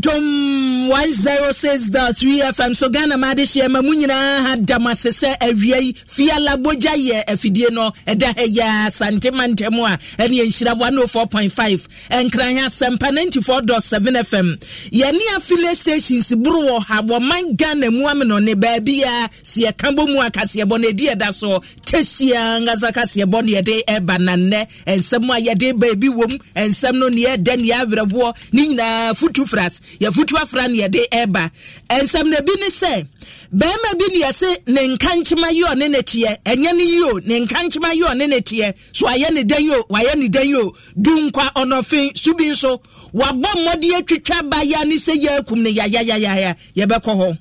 Dum. 106.3 FM. So Ghana Madishia Mamunina had Damasese Erie eh, Fiala Boja ye Efidino eh, Edaheya eh, Santemantemua and Yenshira 104.5 and Kranya Sempa 94.7 FM. Yeni affiliate stations Bruwo Hawaman Ghana Muamino ne Babia Sia Kambo Muakasia Bonedia Daso testi Testia Ngazakasia Bonia de Ebanane and Samua Yade Baby wom and Samno near Denia Virawo Nina Futu Fras Yafutu Afran na yɛde ɛreba nsɛm na bi ne sɛ bɛrima bi ne yɛse ne nkankyema yi ɔne ne teɛ ɛnyɛ ne yi o ne nkankyema yi ɔne ne teɛ so ayɛ ne dan yi o wayɛ ne dan yi o dunkwa ɔnɔfin subi nso wabɔ mmɔde atwitwa ba ya ne sɛ yɛ akum ne yayayayaya yɛbɛkɔ hɔ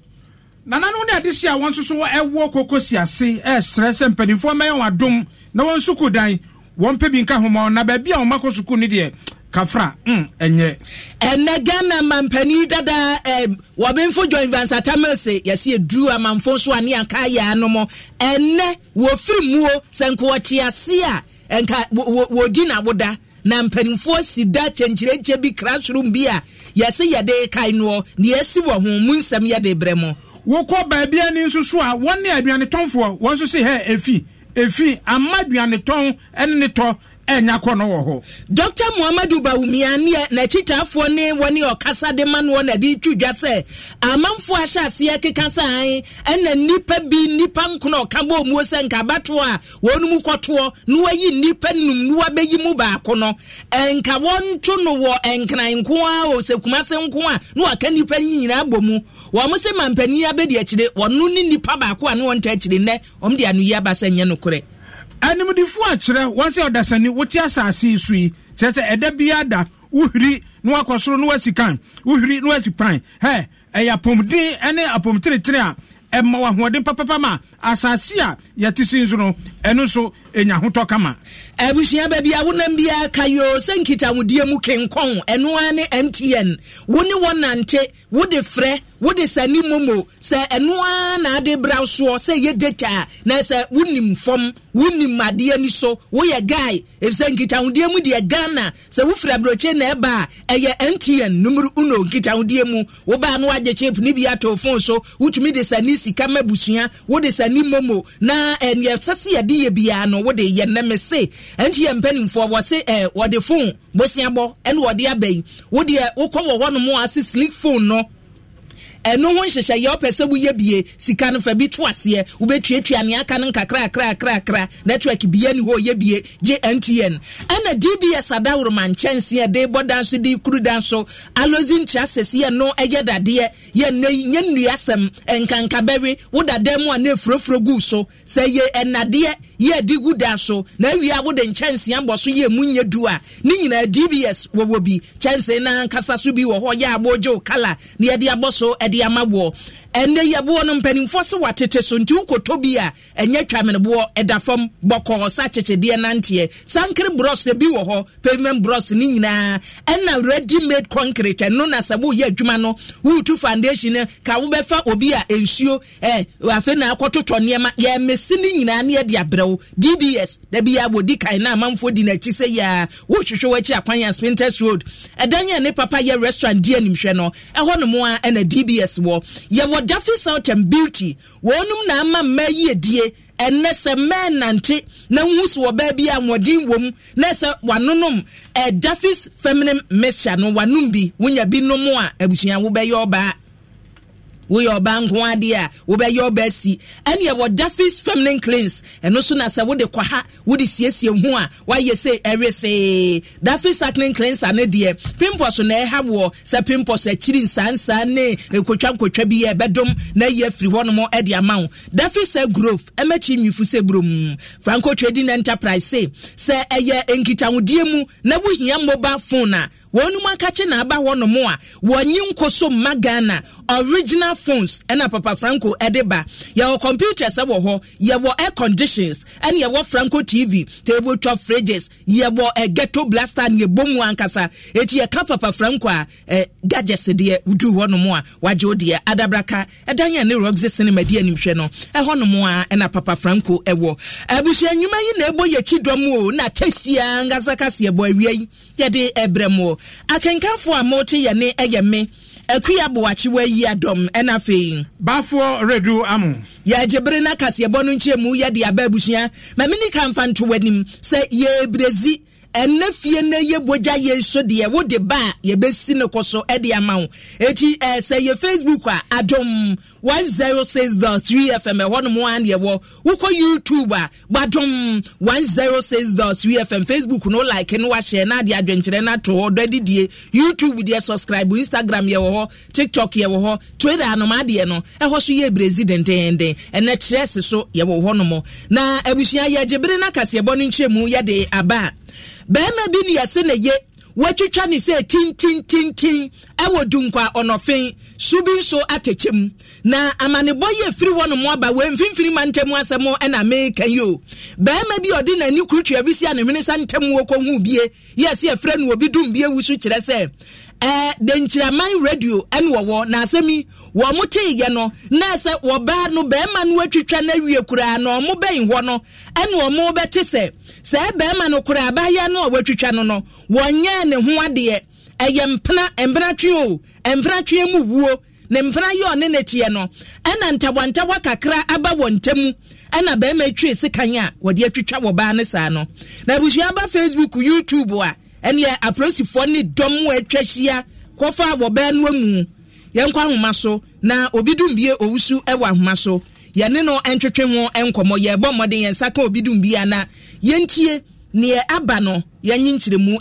nananom ne ade a wɔn nso ɛwɔ koko si ase ɛsrɛ sɛ mpanimfoɔ mɛyɛ wɔn adom na wɔn nsuku dan wɔn mpɛ bi nka ho na baabi a wɔn akɔ sukuu ne deɛ kafra ɛnyɛ. Mm, ɛnɛ ghana mampanin dada ɛɛ eh, wɔbɛnfo john vansatamese yɛsi eduru amanfo so ani aka yɛ anom ɛnɛ wofiri muo sɛnkɔɔkyease a nka wɔ wɔdi n'awoda na mpanimfoɔ si da kyɛnkyerɛnkyɛ bi classroom bi a yɛsi yɛde kae noɔ na yɛsi wɔ ho mu nsɛm yɛde brɛ mo. wokɔ baabi ani nso a wɔn ne aduanetɔnfoɔ wɔn nso si hɛ efi efi ama aduanetɔn ɛne ne tɔ ɛnya kɔ no wɔ hɔ dr muhammadu bawumia ne n'akyitaafoɔ ne wɔne ɔkasa de ma noɔ na de twi dwa sɛ amanfoɔ ahyɛ aseɛ keka saan ɛna nnipa bi nnipa nkono ɔka bɔ ɔmuo sɛ nkabatoɔ a wɔn mu kɔtoɔ na wayi nnipa num na wabɛyi mu baako no nka wɔnto no wɔ nkran nko a osekumase nko a na waka nnipa nyinaa bɔ mu wɔn sɛ mampanin abɛdi akyire wɔn ne nnipa baako a na wɔn ta akyire nnɛ wɔn de anoyi aba sɛ nyɛ nokorɛ animdifo akyerɛ wɔn sɛ ɔdasani wote asase yi so yi kyerɛ sɛ ɛda biara da wohiri na wakɔ soro na wasi kan wohiri na wasi pan hɛ ɛyɛ apɔmuden ne apɔmtenetene a ɛma wɔn ahoɔden papapa ma asase a yɛte si nso no ɛno nso ɛnya hotɔ kama abusua baabi a wonam biaa ka yoo sɛ nkitahodie mu kenkɔn ɛno ara ne mtn wo ne wɔnante wode frɛ wode sane momo sɛ ɛno ara na ade bra soɔ sɛ yɛ data a na sɛ wonim fam wonim adeɛ ni so woyɛ guy ɛfisɛ nkitahodie mu deɛ ghana sɛ wofiri aburokye na ɛba a ɛyɛ mtn numero uno nkitahodie mu wobaa no wagye chip ne bi atɔ fon so wotumi de sane sika ma abusua wode sane momo na ɛneɛ sɛ se yɛde wode yɛ biara no wode yɛ nnɛme se ɛnti yɛ mpanimfoɔ wɔ se ɛ eh, wɔde phone bosiabɔ ɛne wɔde aba yi wodeɛ wokɔ wɔ hɔnom a ase sleek phone no ɛno ho nhyehyɛ yɛ ɔpɛ sɛ woyɛ bie sika no fa bi to aseɛ wobɛtuatua ne aka no nkakrakrakraakra network bie ni hɔ yɛ bie gntn ɛna dbs adaworoma nkyɛnseɛ de bɔ da nso de kuru da nso alosin trases yɛ no ɛyɛ dadeɛ yɛ nnɛ nyɛ nnuasɛm nkankabɛwe wo dada mu a na ɛfurofuro guu so sɛ yɛ ɛnadeɛ yɛ di gu da so na awie a wode nkyɛnsee abɔ so yɛ mu nyɛ du a ne nyinaa dbs wɔwɔ bi kyɛnsee no ankasa so bi wɔ hɔ yɛ abɔ gye kala na yɛde abɔ so de ama woɔ ɛnɛ yaboɔ no mpanimfoɔ se watete so nti wokɔtɔ bi a ɛnyɛ twameneboɔ ɛda fam bɔkɔɔ sa akyekyedeɛ nanteɛ sankere bros bi wɔ hɔ pavement bros ne nyinaa ɛna ready made concrete ɛno na sɛ woyɛ adwuma no wotu foundation no ka wobɛfa obi a nsuo eh, afei na akɔtotɔ nneɛma yɛmesi ne nyinaa ne yɛde abrɛ dbs da bia wɔdi kan na amanfoɔ di n'akyi sɛ yɛa wohwehwɛ w'akyi akwan a spinters road ɛdan a ne papa yɛ restaurant di animhwɛ no ɛhɔ nom a ɛna dbs wɔ yɛwɔ ɔdafi south and beauty wɔnum na ama mmaa yie die ɛnɛ sɛ mmaa nante na nhu so wɔ baabi a wɔden wɔm na sɛ wanonom ɛdafis e feminine mixture no wanom bi wonya bi nom a abusua wobɛyɛ ɔbaa woyɛ ɔba nko adeɛ a wobɛyɛ ɔba si ɛne ɛwɔ dafis feminine cleans ɛno so na sɛ wode kɔ ha wode siesie ho a wayɛ sɛ ɛresee dafis acne cleanser ne deɛ pimples na ɛha woɔ sɛ pimples akyiri nsansaa ne nkotwa nkotwa bi yɛ ɛbɛdom na ɛyɛ afiri hɔnom ɛde ama wo dafis growth ɛmɛkyi nwifu sɛ burom franco trading enterprise se sɛ ɛyɛ nkitahodie mu na wohia mobile phone a wɔn mu akakye na aba hɔnom a wɔnyi nkoso mma ghana original phones ɛna papa franco ɛde ba yɛwɔ computers ɛwɔ hɔ yɛwɔ air conditions ɛna yɛwɔ franco tv table top fridges yɛwɔ ɛ eh, e, ghetto blaster ne yɛbɔ mu ankasa eti yɛka papa franco a ɛ eh, gadgets deɛ udu hɔnom a wagye o deɛ adabraka ɛdan yɛn ne roxy cinema di anim hwɛ no ɛhɔnom a ɛna papa franco ɛwɔ abusua nnwuma yi na ɛbɔ yɛkyi dɔm o na kyɛsia nkasa kasa yɛbɔ awia yi. yɛde ɛbrɛ mu akenkanfoɔ a mote yɛ ɛyɛ me akuya boakyewa yi adɔm ɛna afei baafoɔ redu amu. yɛagye bere no akaseɛbɔ no nkyerɛ mu yɛde aba abusua ma mene ka mfa nto w'anim ɛnɛ fie na yɛ bogya yɛ so deɛ wode ba a yɛbɛsi no kɔ so de ama wo ɛti eh, sɛ yɛ facebook a adom 106.3 fm ɛhɔ nom a neɛ wɔ wokɔ youtube a badom 106.3 fm facebook no like no wahyɛ na ade adwenkyerɛ no ato hɔ dɔ adidie youtube deɛ subscribe instagram yɛwɔ hɔ tiktok yɛwɔ hɔ twitter anom adeɛ no ɛhɔ so yɛ brɛsi dendenden ɛnɛ kyerɛ se so yɛwɔ hɔ na abusua yɛgyebere no akaseɛbɔ no nkyerɛ mu yɛde aba a bɛrima bi ne yɛse ne ye wɔatwitwa ne sɛ tintintintin ɛwɔ dunkwa ɔnɔfen su bi nso atɛkyɛ mu na amanebɔ yi efiri hɔ nom aba wɔ mfimfini ma ntɛm asɛm ɛna meka yi o bɛrima bi ɔde n'ani kuru tua bi si a ne hwene sa ntɛm wɔ hu bie yɛsi efrɛ no obi dum bie wusu kyerɛ sɛ ɛɛ denkyiraman radio ɛna wɔwɔ na asɛm yi wɔn mo te yɛ no na sɛ wɔbaa no bɛrima no atwitwa no awie koraa na wɔn bɛn hɔ no ɛna wɔn bɛte sɛ sɛ bɛrima no koraa abaayewa no a wɔatwitwa no no wɔnyɛɛ ne ho adeɛ ɛyɛ mpena mpenatwe o mpenatwe mu wuo ne mpena yɛ ɔne ne teɛ no ɛna ntawantawa kakra aba wɔ ntamu ɛna bɛrima atwi sikan a wɔde atwitwa wɔ baa saa no na abusua aba facebook youtube a ɛneɛ apolisifoɔ ne dɔm wɔ atwa ahyia kɔfa wɔ no amu yɛnkɔ ahoma so na obi dum bie owusu ɛwɔ ahoma so yɛne no ntwetwe ho nkɔmmɔ yɛrebɔ mmɔden yɛn nsa ka obi dum bie ana yɛntie neɛ aba no yɛnye nkyerɛmu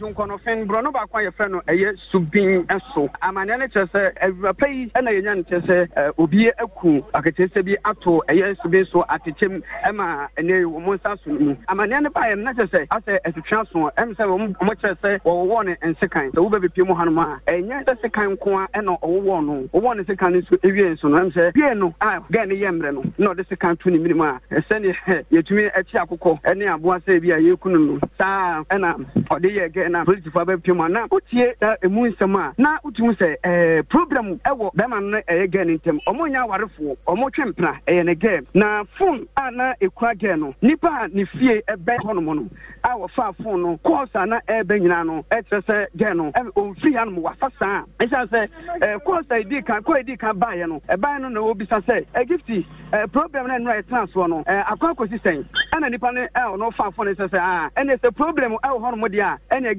dunkɔnɔfɛn burɔno baako a yɛfrɛ no ɛyɛ eh, ah, eh, subin eh, so amanneɛ no kyerɛ sɛ awurapa yi ɛna yɛnya no kyerɛ sɛ obi aku akatɛsɛ bi ato ɛyɛ subin so atekyɛm ɛma ɛnɛ wɔn nsa so mu amanneɛ no baayɛ no na kyerɛ sɛ asɛ asutwa so ɛm sɛ wɔn kyerɛ sɛ wɔwɔwɔ no nsekan sɛ wobɛbɛpie mu hanom a ɛnyɛ sɛ sekan nko a ɛna ɔwɔwɔ no wɔwɔ no sekan no nso ewie nso no ɛm sɛ wie no a gaa ne yɛ mmerɛ no na ɔde sekan to ne minimu a ɛsɛneɛ yɛtumi akyi akokɔ ɛne aboa bi a yɛkunu no saa ɛna ɔde yɛ gɛ na polisifoɔ abɛpem a na wotie ɛmu eh, nsɛm a na wotumi sɛ eh, problem ɛwɔ bɛrima no ɛyɛ gɛ no ntɛm ɔmo nya awarefoɔ ɔmo twe mpena ɛyɛ ne gɛ na fon a na ɛkura gɛ no nipa a ne fie ɛbɛ hɔnom no a wɔfaa fon no kɔɔs a na ɛɛbɛ nyinaa no ɛkyerɛ sɛ gɛ no ɔmfiri hanom wafa saa ɛsiane sɛ kɔɔs eh, a ɛdii kan kɔɔ ɛdii kan baeɛ no ɛbaeɛ no na wɔbisa sɛ ɛgifti problem no ɛnora yɛtena soɔ no akɔ akɔsi sɛn ɛna nnipa no a ɔno faa fon no sɛ sɛ a ah, ɛne sɛ problem ɛwɔ hɔnom deɛ a ɛne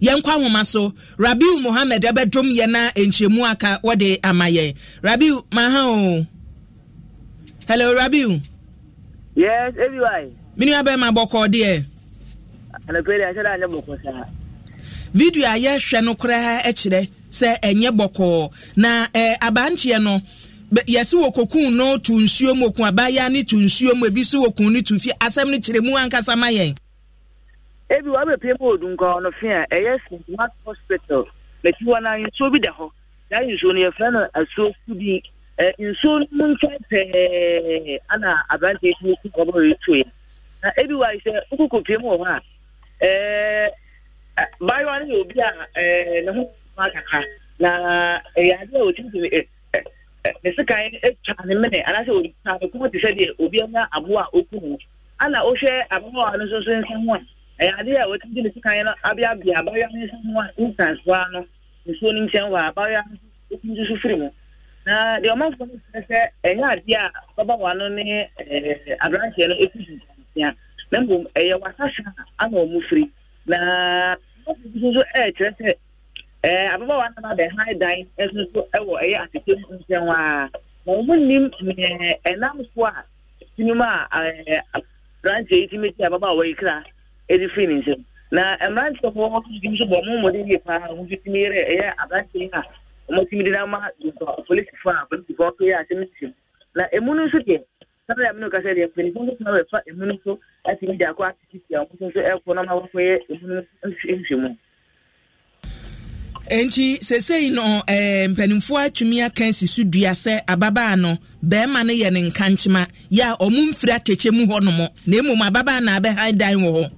yɛn kɔ ahoma so rabiu mohammed ɛbɛdom yɛn na nkyɛmu aka wɔde ama yɛn rabiu maha o hello rabiu. yes ebi wa ye. mini abɛɛma bɔkɔ deɛ. anapere ahyɛ dɛ anyɛ bɔkɔ saa. video a yɛhwɛ no koraa kyerɛ sɛ ɛnyɛ bɔkɔɔ na eh, abanteɛ no yɛsi wɔ kokun no tu nsuo mu okun abaayewa ne tu nsuo mu ebi so wɔ kun ne tu fi asɛm no kyerɛ mu ankasa ma yɛn. ebi wa bɛpie mu odunka ɔno fi a ɛyɛ sentiment hospital n'akyi wa na nsuo bi da hɔ na nsuo no yɛfrɛ no asuo kudi ɛ nsuo no mu nkyɛn pɛɛ ana aberanteɛ bi kú kɔbɔ retu yɛ na ebi wa yi sɛ nkukku pie mu wɔ hɔ a ɛɛ bayewa no yɛ obi a ɛɛ ne ho ma kakra na ɛyɛ ade a otimi ɛ ɛ ne sekan etwa ne mene anaasɛ otwa ne kɔn ti sɛ deɛ obi anya aboa oku mu ana ohwɛ ababaawa no nso nso nsa ho a. ɛyɛ ade a wɔtumi ne no abeabea abayewa no nsa ho a nsansoa no nsuo no nkyɛn wɔ abayewa no firi mu na deɛ ɔmanfoɔ no kyerɛ sɛ a no na mmom ɛyɛ wasasa ama ɔmo firi na ɔmanfoɔ nso ɛrekyerɛ sɛ ɛɛ no dan nso nso ɛwɔ ɛyɛ atete a na ɔmo a sinima ezi eh, eh, firi eh, ne na mmeranteɛfoɔ ɔmotumi nso bɔ momɔde yie paa wotumi yerɛ ɛyɛ aberanteɛ a ɔmotumi de nama polisifoɔ a polisifoɔ ɔkɛyɛ asɛm nsam na ɛmu nso deɛ nso nso àwọn ẹ̀kọ́ náà nti sesei si so dua sị ababaa nọ no yɛ ne nkankyema mfiri mu na ababaa na dan wɔ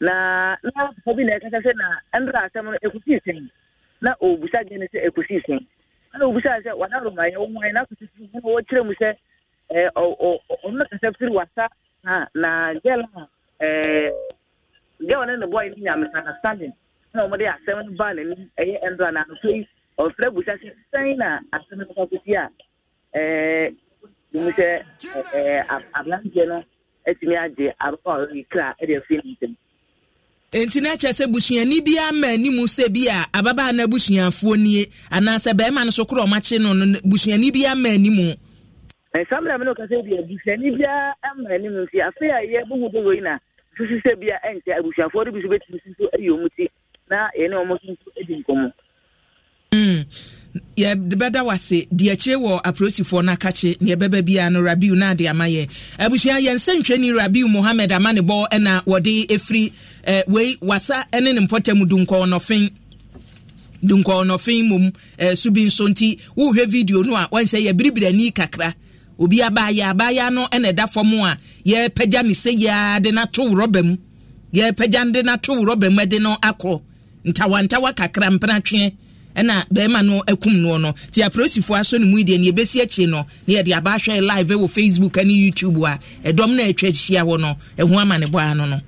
na na bi na ɛkasa sị na ɛnra asem no ɛkosi sɛn na na eh, na akosi sɛn na wɔkyerɛ mu sɛ ɔno kasa firi wasa na na gɛl a nya misunderstanding na wɔde asɛm no baa n'anim na anofo yi busa na asem no a dum sɛ aberanteɛ no atumi agye a ɔyɛ kra nti na kyerɛ sɛ busuani biara ma anim sɛ bi a ababaa no abusuafoɔ nie anaasɛ bɛrima no so korɔ ɔmakye no no busuani biara ma anim samra me ne ɔkasɛ bia busuani biara ama anim nti afei a yɛ bohu dɛ wei na susu sɛ bia ɛnkyɛ abusuafoɔ no bi so bɛtumi suso ayi ɔmu ti na yɛne ɔmo so nso di nkɔmmɔ mm. yɛbɛda wase deɛ akyire wɔ aprosifoɔ no akakye ne yɛbɛba biara no rabiu no ade ama yɛ abusua yɛnsɛ ntwɛni rabiu mohammed ama ne bɔ ɛna wɔde ɛfiri eh, wei wasa ne ne mpɔta mu dunkɔɔnɔfen dunkɔɔnɔfen mom eh, so bi nso nti wohwɛ video no a wɔnsɛ yɛbiribirani kakra obi abaayɛ abaayɛ no ɛna ɛda fam a yɛpagya ne sɛ yiaa de no ato rɔba mu yɛpagya de no ato rɔba mu de no akɔ ntawantawa kakra mpenatweɛ ɛna bɛrima no akum noɔ no nti apolisifoɔ aso ne mu deɛ ne yɛbɛsi akyire no ne yɛde aba ahwɛ live wɔ facebook ne youtube a ɛdɔm no atwa ahyia hɔ no ɛho ama ne bɔa no no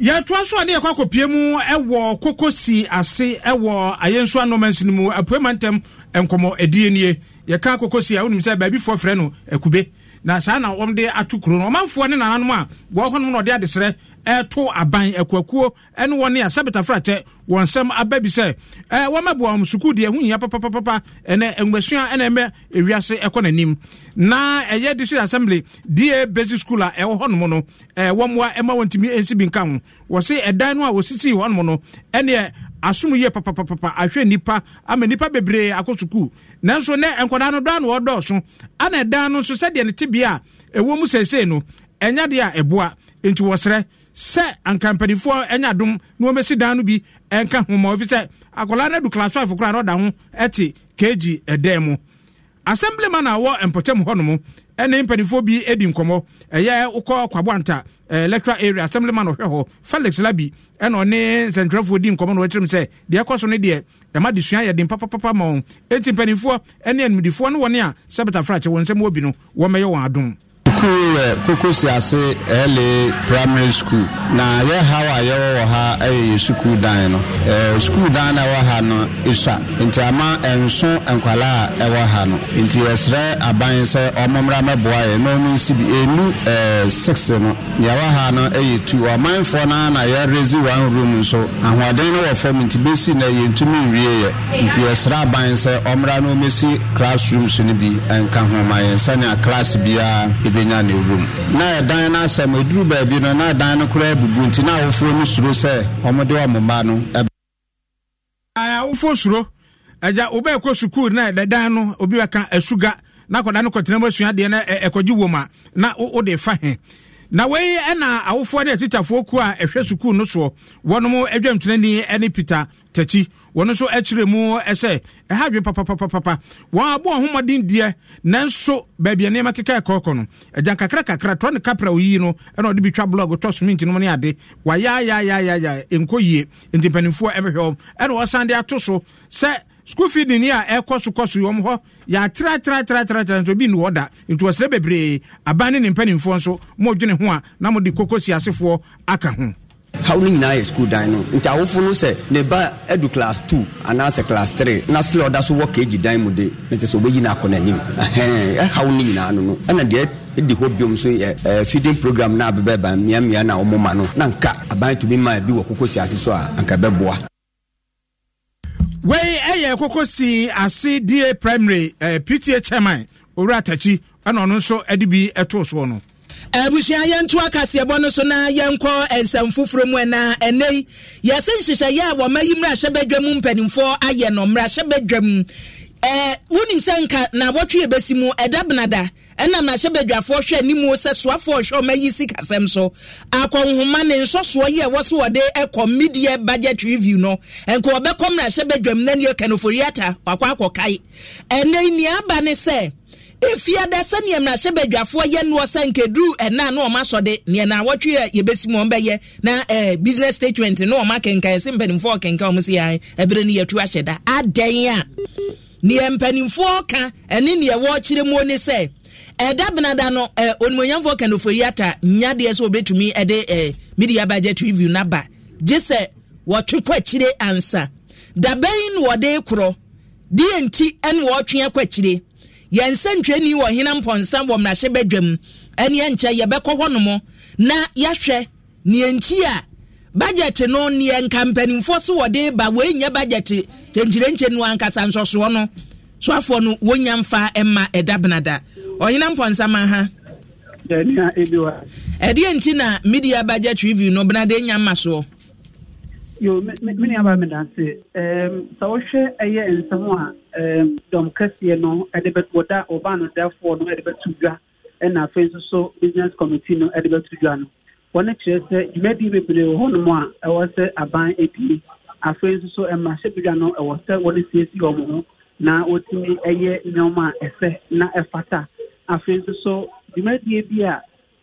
yɛtoa so a ne yɛkɔ akɔpie mu ɛwɔ kokosi ase ɛwɔ ayɛnsua nɔmansi no mu apue ma ntɛm nkɔmmɔ adie nie yɛka kokosia wonim sɛ baabifoɔ frɛ no akube na saa na wɔmde ato kuro no ɔmanfoɔ ne nananom a wɔwɔ na ɔde adeserɛ ɛto aban akuakuo ɛne wɔne a sabita frakyɛ wɔn nsɛm aba bi sɛ ɛɛ wɔmɛboa wɔn sukuu deɛ ho hia papapapa ɛnɛ nwumasua ɛna ɛmɛ ewiase ɛkɔ n'anim na ɛyɛ district assembly da basic school a ɛwɔ hɔnom no ɛɛ wɔn mmoa ɛma wɔn ntumi nsi bi nka ho wɔsi ɛdan no a wɔsisi hɔnom no ɛneɛ asom yie papapapa ahwɛ nipa ama nipa bebree akɔ sukuu nanso ne nkwadaa no dan na ɔdɔɔso ana dan no nso sɛdeɛ ne tibea a ɛwɔ mu seesei no ɛnya deɛ a ɛboa nti wɔsrɛ sɛ anka mpanimfoɔ ɛnya dom na wɔmɛsi dan no bi ɛnka homa ofi sɛ akwadaa no adu class five na ɔda ho ɛte keegi ɛdan mu assemblyman a wɔ mpɔtam hɔnom ɛne mpanimfoɔ bi di nkɔmmɔ ɛyɛ wokɔ kwaboanta electoral eh, area assemblyman ɔhwɛ hɔ felix labi ɛna ɔne nsɛntwerɛfoɔ di nkɔmmɔ na wɔkyerɛ m sɛ deɛ ɛkɔ so no deɛ ɛma de sua yɛ den papapapa ma wɔn ɛnti mpanimfoɔ ne animdifoɔ ne wɔne a sɛbetafrakye wɔn nsɛm wɔ bi no wɔmmɛyɛ wɔn adom skul yɛ ase ɛle primary school na yɛ ha a yɛwɔ wɔ ha ɛyɛ yɛ sukuu dan no eh, sukuu dan na ɛwɔ ha no ɛsua nti ama ɛnso nkwala ɛwɔ ha no nti yɛsrɛ aban sɛ ɔmommra mɛboa yɛ na ɔno nsi bi ɛnu eh, six no deɛ ɛwɔ ha no ɛyɛ two ɔmanfoɔ na na yɛrezi one room nso ahoɔden no wɔ fam nti besi na yɛntumi nwie yɛ nti yɛsrɛ aban sɛ ɔmmra na ɔmɛsi classroom so no bi ɛnka ho ma yɛn sɛnea anya ne na ɛdan no na ɛdan no koraa abubu nti na awofoɔ no suro sɛ ɔmode ɔmo no awofoɔ suro agya wobɛɛkɔ na ɛdan no obi bɛka na akɔda no na ɛkɔgye a na wode fa na wei ɛna awofoɔ ne atikyafoɔ kuo a ɛhwɛ sukuu no soɔ wɔnom adwamtenani ne peter takyi wɔno nso akyerɛ mu sɛ ɛha dwe papapapapa wɔn abɔ wɔn homɔden deɛ nanso baabi a nneɛma keka ɛkɔɔkɔ no agyan kakra kakra tɔ ne kapra oyiyi no ɛna ɔde bi twa blɔg tɔ somenti nom ne ade wayaayaayaayaa ɛnkɔ yie nti mpanimfoɔ ɛmehwɛ wɔm ɛna wɔsan de ato so sɛ school feeding ni a ɛkɔ so kɔ so wɔn hɔ yɛatraatraatraatraatra nti obi ni hɔ da nti wɔsrɛ bebree aban ne ne mpanimfoɔ nso mo dwene ho a na mo de koko si asefoɔ aka ho haw no nyinaa school dan no nti awofo no sɛ ne ba adu class 2 anaasɛ class three na sɛ ɔda so wɔ kagyi dan mu de ne te sɛ wobɛyi no akɔ n'anim ɛhaw no nyinaa no no ɛna deɛ di hɔ feeding program na abɛbɛ ban mmiamia na ɔmo ma no na nka aban tumi ma bi wɔ koko si ase so wei ɛyɛ koko si ase da primary eh, pta chairman owura atakyi ɛna ɔno nso de bi ɛtoo soɔ no abusua yɛnto akaseɛbɔ no so na yɛnkɔ nsɛm foforɔ mu ɛna ɛnɛ yi yɛse nhyehyɛeɛ a wɔma yi mmarahyɛbadwa mu mpanimfoɔ ayɛ no mmarahyɛbadwa mu ɛɛ wonim sɛ nka na wɔtwe ebe mu badwafoɔ hwɛ anim sɛ soafoɔ hwɛ sikasɛm so akɔnhoma ne nsɔsoɔ yi ɛwɔ so wɔde media budget review no nka wɔbɛkɔm badwam na neɛ wakɔ akɔkae ɛnɛ ne sɛ efiada sɛnea badwafoɔ yɛ noɔ sɛ ɛna na ɔma sɔ de na na ɛɛ business statement na ɔma mpanimfoɔ ɔmo si yan ɛbere yɛtu ahyɛ da adɛn neɛ mpanimfoɔ ka ɛne neɛ wɔkyerɛ mu ne sɛ ɛda benada no ɛ onimonyamfoɔ kanofo yi ata nyadeɛ sɛ obetumi ɛde media budget review naba gye sɛ wɔtwe kɔ akyire ansa dabɛn na wɔde korɔ deɛ nti ɛne wɔtwe akɔ akyire yɛn nsɛntwɛni wɔ hena mpɔnsa wɔ mmarahyɛ badwam ɛne ɛnkyɛ yɛbɛkɔ hɔnom na yɛahwɛ neɛ nti a budget no neɛ nka mpanimfoɔ so wɔde ba wɔnya budget kyɛnkyerɛnkyɛ no ankasa nsɔsoɔ no soafoɔ no wɔnya mfa ɛma ɛda benada ɔhena mpɔnsama ha ɛdeɛ nti na media budget review no benada ɛnya ma soɔ yo me nuaba medase sɛ wohwɛ ɛyɛ nsɛm a dɔm kɛseɛ no ɛde wɔda ɔba no dafoɔ no ɛde bɛto dwa ɛna afei nso so business committee no ɛde bɛto dwa no wɔn kyerɛ sɛ dwumadie bebree wɔ hɔnom a ɛwɔ sɛ aban ebie afei nso so mmarahyɛbadwa no ɛwɔ sɛ wɔde siesie wɔn ho na wɔtumi ɛyɛ nneɛma a ɛsɛ na ɛfata afei nso so dwumadie bi a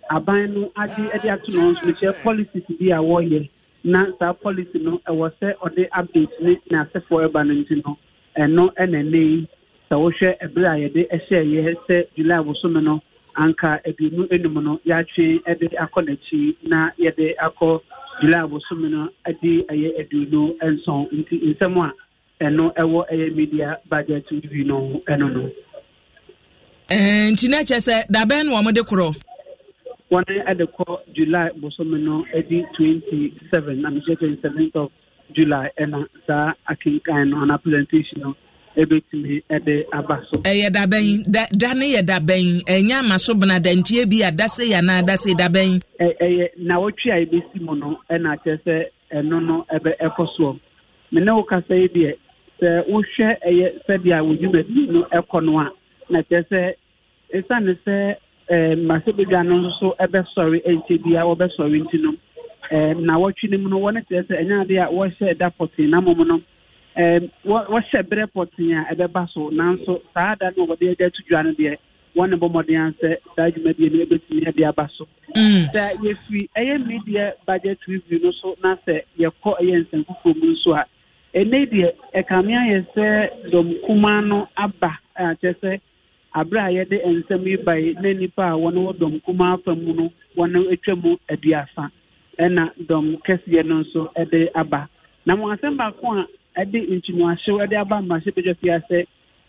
aban no ade ɛde ato no nso kyerɛ policies bi a wɔreyɛ na saa policy no ɛwɔ sɛ ɔde update ne n'asɛfoɔ ɛba no nti no ɛno ɛna ɛnɛ yi sɛ wɔhwɛ ɛberɛ a yɛde ɛhyɛ yɛ sɛ july bosome no anka aduonu enum no yɛatwe de akɔ n'akyi na yɛde akɔ july abosom no de ɛyɛ aduonu nson nti nsɛm a ɛno ɛwɔ ɛyɛ media budget review no ɛno no. nti na kyerɛ sɛ dabɛn na wɔde korɔ. wɔn ɛde kɔ july bosom no ɛdi twenty seven na mehyɛ twenty seventh of july ɛna saa akenkan no ana presentation no. ebetumi ɛde aba so. ɛyɛ dabɛn da da ne yɛ dabɛn ɛnyɛ ama so bena dantie bi adase yɛ anaa adase dabɛn. ɛ ɛyɛ na wɔtwi a ebesi mu no ɛna akyɛ sɛ ɛno no ɛbɛ ɛkɔ soɔ mene wo kasa yi deɛ sɛ wohwɛ ɛyɛ sɛdeɛ wo bi no ɛkɔ no a na kyɛ sɛ ɛsiane sɛ mmasɛbadwa no nso ɛbɛsɔre ɛnkyɛ bia wɔbɛsɔre nti no na wɔtwi no mu no wɔne kyerɛ sɛ ɛnyɛ adeɛ a wɔhyɛ da pɔtee na mmom no wɔhyɛ berɛ pɔten a ɛbɛba so nanso saa da no wɔde agya to dwa no deɛ wɔne bɔ mmɔden a sɛ saa dwumadie no ɛbɛtumi ɛde aba so mm. sɛ yɛfiri ɛyɛ media budget review no so na sɛ yɛkɔ ɛyɛ nsɛm mu nso a ɛnɛ deɛ ɛkame ayɛ sɛ dɔmkuma no aba akyɛ sɛ aberɛ a yɛde nsɛm yi bae na nnipa a wɔne wɔ dɔmkuma afa mu no wɔne atwa mu aduasa ɛna dɔm kɛseɛ no nso ɛde aba na mo asɛm baako a ɛde ntunuahyew ɛde aba mmarahyɛ badwa fi asɛ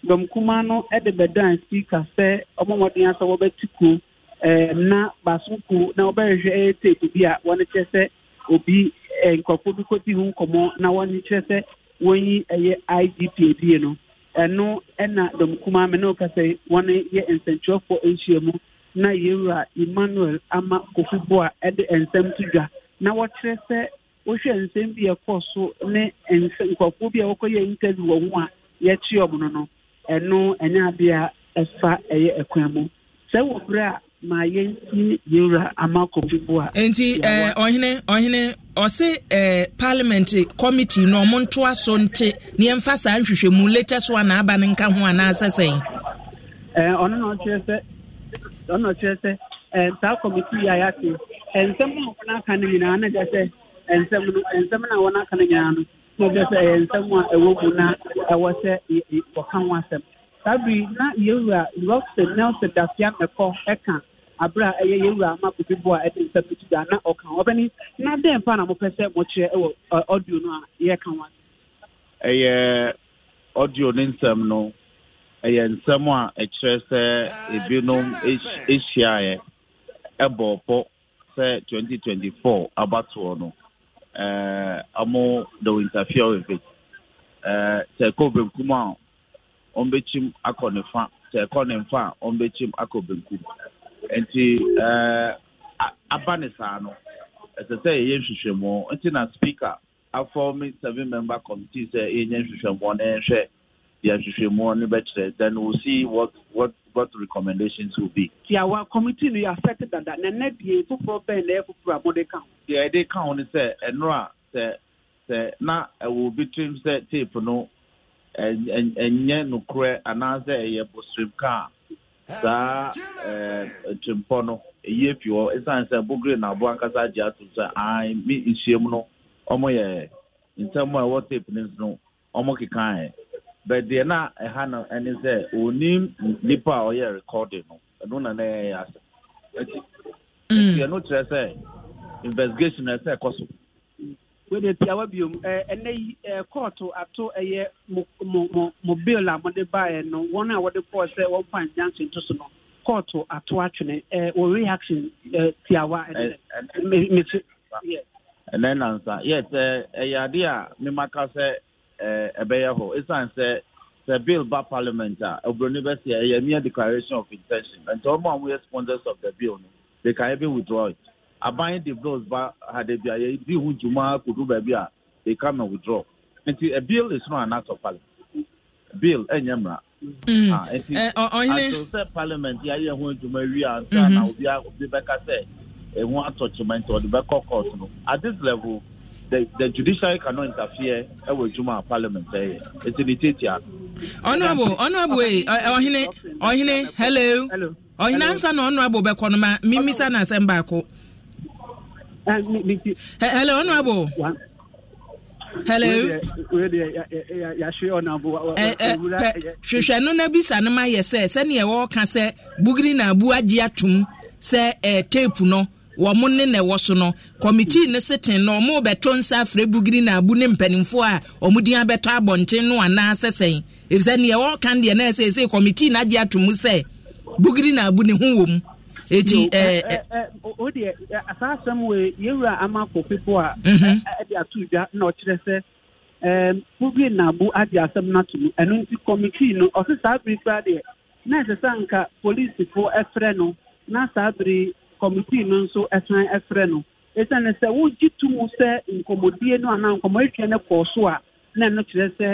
dɔm kuma no ɛde bɛdan speaker sɛ ɔmo mmɔden asɛ wɔbɛti kuo ɛɛ na baaso kuo na wɔbɛhwehwɛ ɛyɛ tape bi a wɔn kyerɛ sɛ obi ɛɛ nkurɔfoɔ bi kɔdi ho nkɔmɔ na wɔn kyerɛ sɛ wɔnyi ɛyɛ idp adie no ɛno ɛna dɔm kuma mi na ɔkasa wɔn yɛ nsɛntwerɛfoɔ ahyia mu na yɛwura emmanuel ama kofi boa ɛde nsɛm to dwa na wɔkyerɛ sɛ wohwɛ nsɛm bi ɛkɔ so ne nkurɔfoɔ bi a wɔkɔyɛ interview wɔ a yɛkye ɔmo no no ɛno ɛne ɛfa ɛyɛ ɛkwan a ma yɛnti yɛwura ama kɔfi a enti ɔhene ɔhene ɔse parliament committee na ɔmo ntoa so ne saa na aba nka na ɔkyerɛ sɛ ɔno na ɔkyerɛ sɛ saa committee a n'aka na gya nsɛm no nsɛm na wɔn no nyinaa no na ɔbɛ sɛ ɛyɛ a ɛwɔ mu na ɛwɔ sɛ wɔka ho asɛm saa na nelson dafia mɛkɔ ɛka ɛyɛ ama a ɛde na ɔka ho na pa na sɛ ɛwɔ no a ka ho asɛm ɛyɛ ne nsɛm no a ɛkyerɛ sɛ ebinom ɛbɔ sɛ 2024 abatoɔ no uh, amo they will interfere eh, with it. sɛ ɛkɔ benkum a ɔmbɛkyim akɔ ne fa sɛ ɛkɔ ne mfa eh, a ɔmbɛkyim akɔ benkum nti aba ne saa no ɛsɛ sɛ yɛyɛ nhwehwɛmu nti na speaker afɔ me seven member committee sɛ yɛnyɛ nhwehwɛmu na yɛhwɛ yɛhwehwɛmu no bɛkyerɛ then we'll see what what what recommendations will be. ti àwa committee ni affect dada nana die foforɔ bɛn na yɛ foforɔ eh, a mo de ka ho. deɛ ɛde ka ho ni sɛ ɛno a sɛ sɛ na ɛwɔ bi tirim sɛ tape no ɛnyɛ nukurɛ anaasɛ ɛyɛ bosorim kaa saa ɛɛ timpɔ no eyi efi hɔ esan sɛ bugre na abo ankasa agye ato sɛ an mi nsuo mu no ɔmo yɛ ntɛm a ɛwɔ tape no so no ɔmo keka yɛ but deɛ na ɛha no ɛne sɛ onim nipa a ɔyɛ recording no ɛno na na ɛyɛ asɛ ɛti ɛtiɛ kyerɛ sɛ investigation na ɛsɛ ɛkɔ so. wede tiawa biom ɛnɛ yi kɔɔto ato ɛyɛ mo mo mo bill a wɔde baeɛ eh, no wɔn a wɔde kɔɔ sɛ wɔn pan jansi to so no kɔɔto ato atwene ɛɛ wɔ reaction ɛɛ tiawa ɛnɛ ɛnɛ nansa yes ɛyɛ eh, eh, adeɛ a memaka sɛ. Eh, ɛbɛyɛ hɔ ɛsiane sɛ sɛ bill ba parliament a oburoni bɛ sɛ ɛyɛ mere declaration of intention nti wɔn a wɔyɛ sponsors of the bill no they can even withdraw it aban de bills ba ha de bi a yɛdi ho dwuma kodu baabi a they come and withdraw nti a bill is not an act of parliament bill ɛnyɛ mmara. Mm. Ah, nti aso eh, sɛ a nsa mhm. na at this level. the judiciary cannot interfere ɛwɔ adwuma a parliament ɛyɛ ɛti ne tete ano. honourable honourable ee ɔhene ɔhene hello ɔhene answer na honourable bɛkɔ no ma mimisa na asɛm baako. hello honourable. hello. hwehwɛ no na bisa no ma yɛ sɛ sɛnea ɛwɔ ka sɛ bugiri na abu agye atum sɛ ɛɛ tape no. wɔn ne na ɛwɔ so no kɔmitii ne sitting na wɔn bɛtɔ nsa afre bugiri na abu ne mpanimfoɔ a wɔn di abɛtɔ abɔnten no anaa sɛsɛn efisɛ nea ɛwɔ kan deɛ na ɛsɛ ɛsɛ kɔmitii na agye ato mu sɛ bugiri na abu ne ho wɔ mu eti ɛɛ ɛɛ eh, eh, eh, o deɛ saa asɛm wee yewura ama kɔ pipo a ɛde mhm. ato dwa na ɔkyerɛ sɛ ɛɛ bugiri na abu agye asɛm na to mu ɛno nti kɔmitii no ɔsi saa biri kura deɛ na ɛsɛ sɛ nka polisifoɔ ɛfrɛ no na saa kọmitii no nso san frɛ no esiane sɛ wogye to mu sɛ nkɔmmɔdie no anaa nkɔmmɔdetwa no kɔɔ so a na ɛno kyerɛ sɛ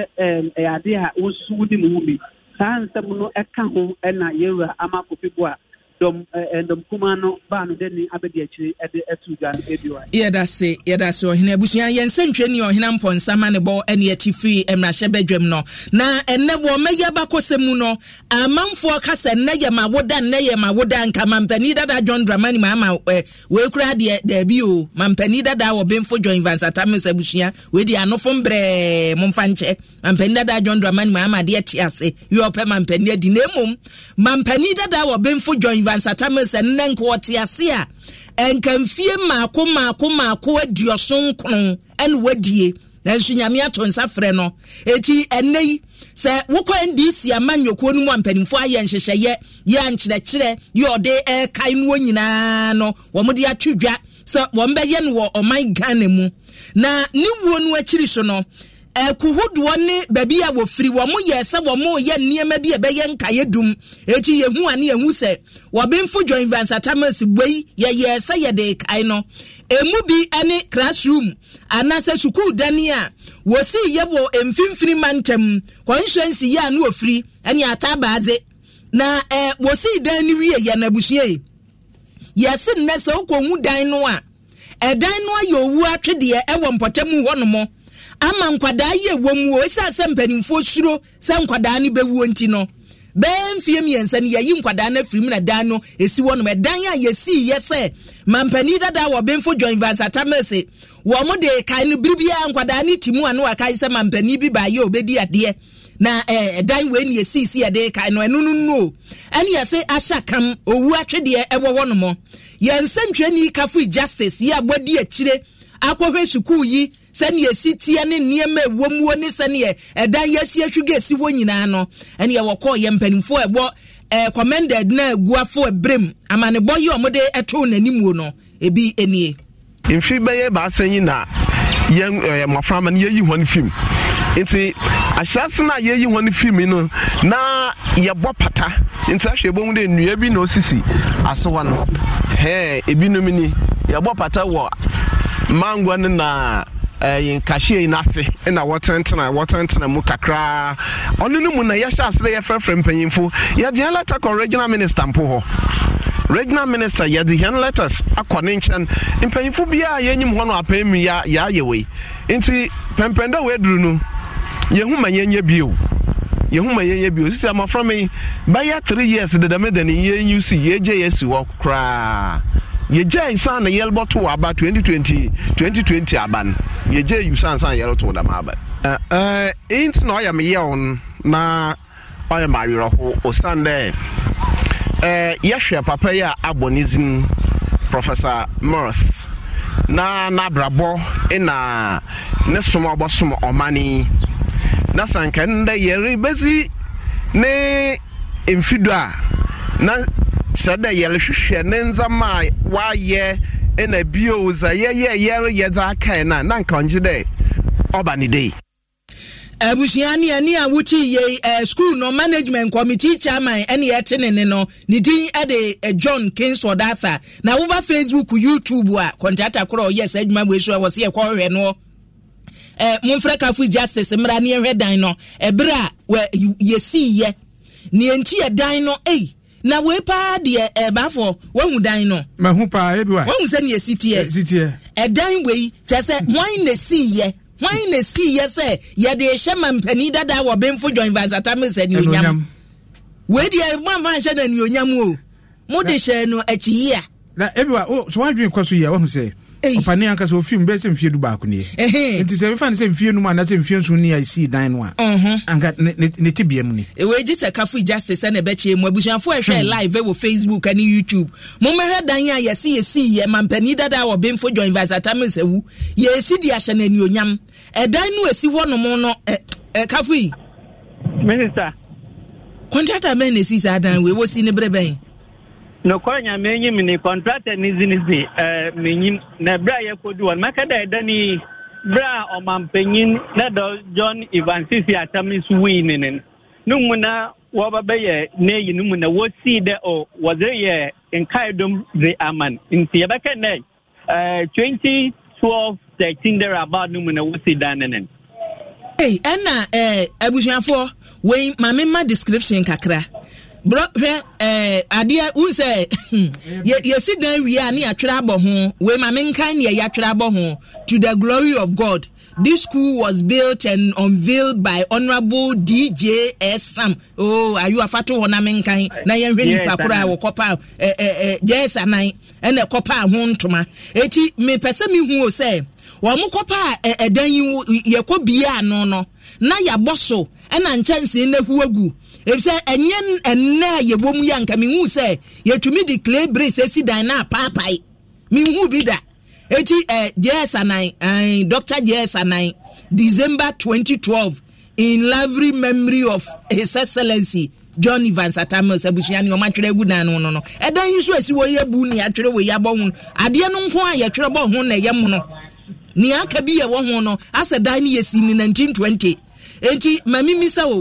ɛyɛ adeɛ a wosusu wode mu wo bi saa nsɛm no ɛka ho ɛna yɛwura ama kofi bo a dɔm ɛɛ eh, eh, dɔm kumaa no baa no dɛni abɛdi akyire ɛde ɛtu gya no ebi wa. yɛda se yɛda se ɔhene abusua yɛn nsa ntwa ni ɔhene mpɔnsama ne bɔ ɛne akyi firi mmarahyɛ bɛdwam no na ɛnɛ wɔ mɛyɛ abakɔsɛ mu no amanfoɔ kasa nnɛ yɛ ma woda nnɛ yɛ ma woda nka mampanin dada john dramani ma ama ɛ eh, wɔekura deɛ dɛbi o mampanin dada wɔ benfo john vance atamus abusua wɔedi anofo mbrɛɛ momfa nkyɛ mampanin dada john dramani ma ama adeɛ te ase yɛ ɔpɛ mampanin adi na emom mampanin dada wɔ benfo john vance abansatama sɛ nnɛ nka ɔte ase a nkamfie mmaako mmaako mmaako aduɔso nkron ɛna wadie nanso nyame ato nsa frɛ no eti ɛnɛ yi sɛ wokɔ ndc ama nnwokuo no mu a mpanimfoɔ ayɛ nhyehyɛeɛ yɛ ankyerɛkyerɛ yɛ ɔde ɛɛkae noɔ nyinaa no wɔn de atwi dwa sɛ wɔn bɛyɛ no wɔ ɔman ghana mu na ne wuo no akyiri so no ɛkuhudoɔ ne baabi a wɔfiri wɔn yɛ sɛ wɔn yɛ nneɛma bi a ɛbɛyɛ nkaeɛ dum eti yɛhu a ne yɛhu sɛ wɔbɛnfo join vansatamasi wei yɛyɛ sɛ yɛde kae no emu bi ne classroom anaasɛ sukuu dan a wɔsi yɛ wɔ mfimfini mantam constituency yɛ a ne wɔfiri ne na ɛɛ wɔsi dan ne wie yɛ n'abusua yi yɛsi nnɛ sɛ okɔ nwu dan no a ɛdan no ayɛ owu atwedeɛ ɛwɔ mpɔtam hɔ ama nkwadaa yi ewɔ mu o esia sɛ mpanimfoɔ suro sɛ nkwadaa no bɛwuo nti no bɛɛ mfie mmiɛnsa no yɛyi nkwadaa no afiri mu na dan no esi hɔ nom ɛdan a yɛsi yɛ sɛ mampanin dada wɔ bɛnfo join vansa tamese wɔn de kae no biribi a nkwadaa no ti mu ano akae sɛ mampanin bi baa yɛ obedi adeɛ na ɛɛ ɛdan wei na yɛsi si yɛde kae no ɛnu no no ɛne yɛsɛ ahyɛ kam owu atwedeɛ ɛwɔ hɔ nom yɛn nsɛntwɛni kafu justice yɛ abɔ di akyire akɔhwɛ sukuu yi sɛnea ɛsi teɛ ne nneɛma ɛwɔ muo ne sɛnea ɛdan yɛsi ahwiga ɛsi hɔ nyinaa no ɛnea wɔkɔɔ yɛ mpanimfoɔ ɛbɔ ɛɛ eh, commended na aguafo ɛbrɛm amanebɔ yi a wɔde ɛtoo n'animuo no ebi enie. mfi bɛyɛ baasa yi na yɛn ɛɛ eh, mmɔframma no yɛyi wɔn fim nti ahyɛnse no yɛyi wɔn fim no na yɛbɔ pata nti ahwɛ ebohu dɛ nnua bi na osisi ase hɔ no hɛɛ ebinom ni yɛbɔ pata wɔ mango no na. Eh, yɛnkahyɛ no ase na wɔtentena wɔtentena mu kakra ɔno no mu na yɛhyɛ aserɛ yɛfrɛfrɛ mpanyimfo yɛde yɛn letter kɔ regional minister mpo hɔ regional minister yɛde yɛn letters akɔ ne nkyɛn mpanyimfo biara yɛnyim hɔ no apɛn mu yɛayɛ wei nti pɛmpɛn dɛ wɔaduru no yɛhu ma yɛnyɛ bio yɛhu ma yɛnyɛ bio sisi amafra mi bɛyɛ three years dedameda ne yɛnyi si yɛgye yɛsi hɔ koraa yɛgya nsan na yɛlbɔ to aba 2020 2020 aba no yɛgya yu san san yɛlbɔ to dam aba ɛnti eh, eh, na ɔyɛ me yɛw no na ɔyɛ me awerɛho osian dɛ eh, yɛhwɛ papa yi a abɔ ne zin professor morris na n'abrabɔ e na ne som ɔbɔsom ɔmane na sanka no dɛ yɛrebɛsi ne mfido a na sɛ dɛ yɛrehwehwɛ ne ndzɛma a wayɛ ɛna bio sɛ yɛyɛ yɛreyɛdze akae no a na nka ɔngye dɛ ɔba ne dei abusua ne ani a wokyi yei uh, school no management committee chairman ɛne yɛte ne ne no ne din de eh, john kingsford arthur na woba facebook youtube a kɔntrata korɔ ɔyɛ saa adwuma wei so a wɔ sɛ yɛkɔhwɛ no eh, momfrɛ kafo justice mmara ne yɛhwɛ dan no ɛberɛ a yɛsiiyɛ neɛnkyi yɛ dan no ei hey, na wei paa deɛ ɛbaafo eh, wɔhu dan no. mahu paa ebi wa. wɔhu sɛ ni esi tiɛ. esi eh, tiɛ. ɛdan wei kyɛ sɛ wɔn na si yɛ wɔn na si yɛ sɛ yɛde hyɛ ma mpanyin dada wɔ benfo joint vice atamis ɛnionyam wei deɛ mo afa nhyɛ na ɛnionyam o mo de hyɛ no akyi yia. na ebi wa o so wɔn adwene kɔ so yia wɔn sɛ ɔfa ne ankasa ɔfiri mu bɛɛ sɛ mfie du baako nie nti sɛ mefa no sɛ mfie no mu anaasɛ mfie nso ni a dan no a anka ne tebea mu ni wɔgye sɛ kafo justice ɛna ɛbɛkyeɛ mu abusuafoɔ ɛhwɛ hmm. live wɔ facebook ne youtube mommɛhwɛ dan a yɛse yɛsii yɛ mampani dada a wɔbemfo join vasatamis awu yɛɛsi de ahyɛ no anuonyam ɛdan no ɛsi hɔ nom no kafo yi minister contractor bɛn na ɛsii saa dan wei wɔsi ne berɛ bɛn nokorɛ nyame nyim ni contractor ne zi ne zi eh, menyim na berɛ a yɛkɔdu hɔ no mɛka dɛ ɛda ne berɛ a ɔmampanyin na dɔ john evansisi atam nso wui ne ne no ne mu na wɔbɛbɛyɛ neyi no mu na wɔsii dɛ o wɔdze yɛ nkaedom dze ama no nti yɛbɛka dɛ eh, twenty twelve thirteen about no mu na wɔsii dan ne ne ɛna eh, abusuafoɔ wei ma memma description kakra bro hwɛ ɛɛ eh, adeɛ wun sɛ yɛsi dan wie a ne yɛatwerɛ abɔ ho wei ma menkan ne yɛyɛatwerɛ abɔ ho to the glory of god this school was built and unveiled by honourable dj s sam oh ayo afato hɔ na menkan na yɛnhwɛ nipa koro a wɔkɔpa ɛɛ ɛɛ jɛs anan ɛna ɛkɔpa ho ntoma eti mepɛ sɛ mihu o sɛ wɔn kɔpa ɛɛ ɛdan eh, eh, yi yɛkɔ bie ano no na yɛabɔ so ɛna nkyɛnsee na ehu egu efisɛ ɛnyɛ ɛnɛ a yɛbɔ mu yɛ anka mihu sɛ yɛtumi de clay brace esi dan na apaapae mihu bi da eti ɛ js anan ɛn dr js anan december twenty twelve in lively memory of his excellency john evans atamos abusua ni ɔmo atwerɛ egu dan no no no ɛdan yi nso esi wɔ yɛ bu ni atwerɛ wɔ yɛ abɔ ho adeɛ no nko a yɛtwerɛ bɔ ho na ɛyɛ mu no nea aka bi yɛ wɔ ho no asɛ dan no yɛ si ni nineteen twenty eti mami misa sɛ o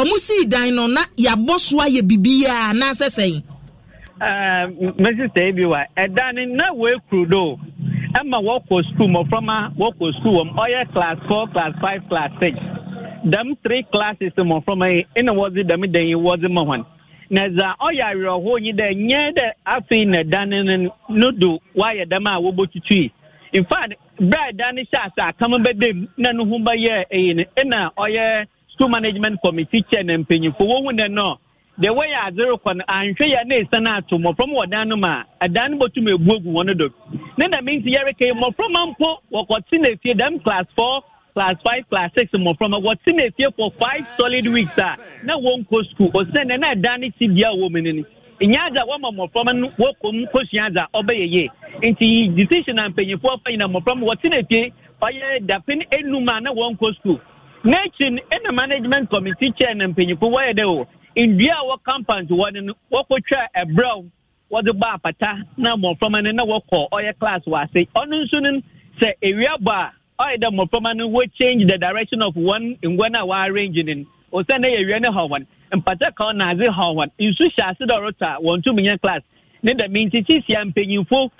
ɔmo si dan no na yabɔ so ayɛ bibiya n'asɛ sɛn. Eh, mesi sɛ ebi wa ɛdan na wee kuru do ɛma wɔkɔ sukuu mɔframa wɔkɔ sukuu wɔm ɔyɛ class four class five class six dɛm three classes mɔframa yi ɛna wɔdze dɛm dan yi wɔdze ma wɔn na dza ɔyɛ awerɛhoɔ nyi dɛ nyɛ dɛ afei na dan no no do wɔayɛ dɛm a wɔbɔ tutui in fact bẹẹ dani ṣaṣa kama bẹ dem na ne ho bɛyɛ eyi ni ɛna ɔyɛ school management committee chair na mpanyinfo wɔn nɛ no the way a adze rekɔ no ahwɛ yɛ ne esan ato mmɔfra mu wɔ dan no mu a ɛdan no bɛtum ebu egu wɔn do ne na mi nti yɛreka yi mmɔfra ma mpo wɔkɔte na efie dɛm class four class five class six mmɔfra ma wɔte na efie for five solid weeks a na wɔn kɔ school osin na ɛna ɛdan ne si bia mu ni nyaadza wɔma mmɔframa no wɔkɔm kɔsua adza ɔbɛyɛ yie nti decision a mpanyinfoɔ fa nyina mmɔframa wɔte na fie ɔyɛ dapin enum a na wɔnkɔ sukuu n'ekyir no ɛna management committee chair na mpanyinfo wɔyɛ dɛ o ndua a wɔ compound wɔ no no wɔkɔtwa ɛbrɛw wɔde ba apata na mmɔframa no na wɔkɔ ɔyɛ class wɔ ase ɔno nso no sɛ ewia bɔ a ɔyɛ dɛ mmɔframa no wɔ change the direction of one ngua no a wɔarrange no no ɔsɛ ne yɛ wie ne hɔ wɔn mpata kan naadze hɔ wɔn nsu hyɛ ase dɛ ɔretɔ a wɔn tumi nyɛ class ne dɛm nkyikyi sia mpanyinfo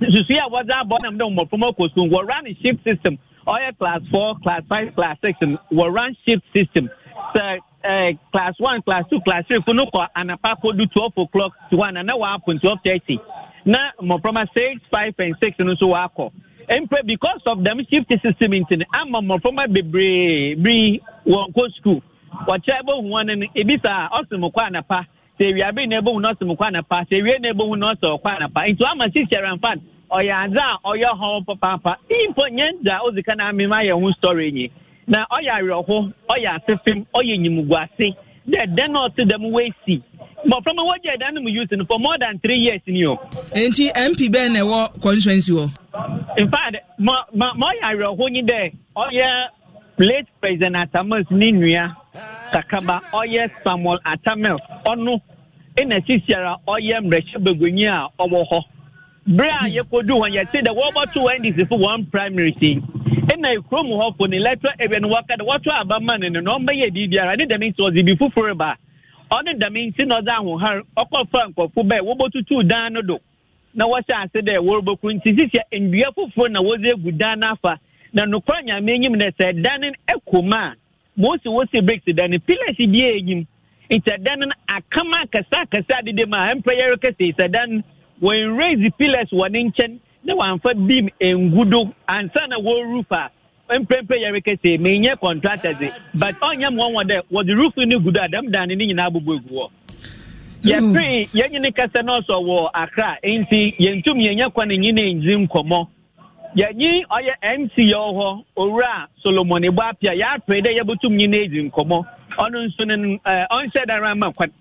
susu a wɔdze abɔ nam dɛ mmɔframa kɔ sukuu wɔran shift system ɔyɛ class four class five class six wɔran shift system sɛ ɛɛ eh, class one class two class three funu kɔ anapa kɔ do twelve o'clock to one na na wɔapon twelve thirty na mmɔframa six five and six no nso wɔakɔ mpɛ because of dem shift system nti ama mmɔframa bebree bi wɔn kɔ sukuu. wɔkyɛ bohu wɔn no ebi saa ɔsom kɔ anapa sɛ ewia bi na ebohu na ɔsom kɔ anapa sɛ ewie na ebohu na ɔsɔ kɔ anapa nti wɔn ama sisiara nfa ɔyɛ adze a ɔyɛ hɔn papaapa mpo nye dza ozi ka na amema yɛ ho na ɔyɛ awerɛho ɔyɛ asefem ɔyɛ dɛ na ɔte dɛm wɔgye no mu use no for more than three years ni o. nti mp bɛn na ɛwɔ constituency wɔ. in fact ma ma ma ɔyɛ awerɛho late president atamas ne nua sakaba ɔyɛ samuel atamas ɔno ɛna sisiara ɔyɛ mmerɛhyɛ bagonyi a ɔwɔ hɔ bere a yɛkɔdu hɔ yɛte dɛ wɔbɔto ndc fo one primary si ɛna ekurom hɔ fo ne electoral area no wɔka dɛ wɔto abama ne no na ɔmbɛyɛ biribiara ne dɛm nti ɔdze bi foforɔ ba ɔne dɛm nti na ɔdze ahohar ɔkɔfa nkɔfo bɛɛ wɔbɔtutu dan no do na wɔhyɛ ase dɛ wɔrebɛku nti sisia ndua foforɔ na wɔdze egu dan n'afa na nokora nyame enyim na sɛ dan no a mose wose breaks dan no pillars bi enyim nti dan akama akɛse akɛse adede mu a ɛmpɛ yɛre kɛse sɛ dan wɔn raise pillars wɔ ne nkyɛn na wɔamfa beam engudo do ansa na wɔn roof a mpɛmpɛ yɛre kɛse menyɛ contractors e, but ɔnyɛ mu wɔn dɛ wɔde roof no gu do a dɛm dan ne nyinaa bobɔ egu hɔ yɛpere yɛnyini kasa nɔɔsɔ wɔ akra nti yɛntumi yɛnyɛ kɔ ne nyina ndzi nkɔmɔ yɛnyi ɔyɛ mc yɛ hɔ owura solomon ebo apia yɛapere dɛ yɛbɛtum nyi n'edi nkɔmɔ ɔno nso no ɛɛ ɔnhyɛ dan eh, rama kwan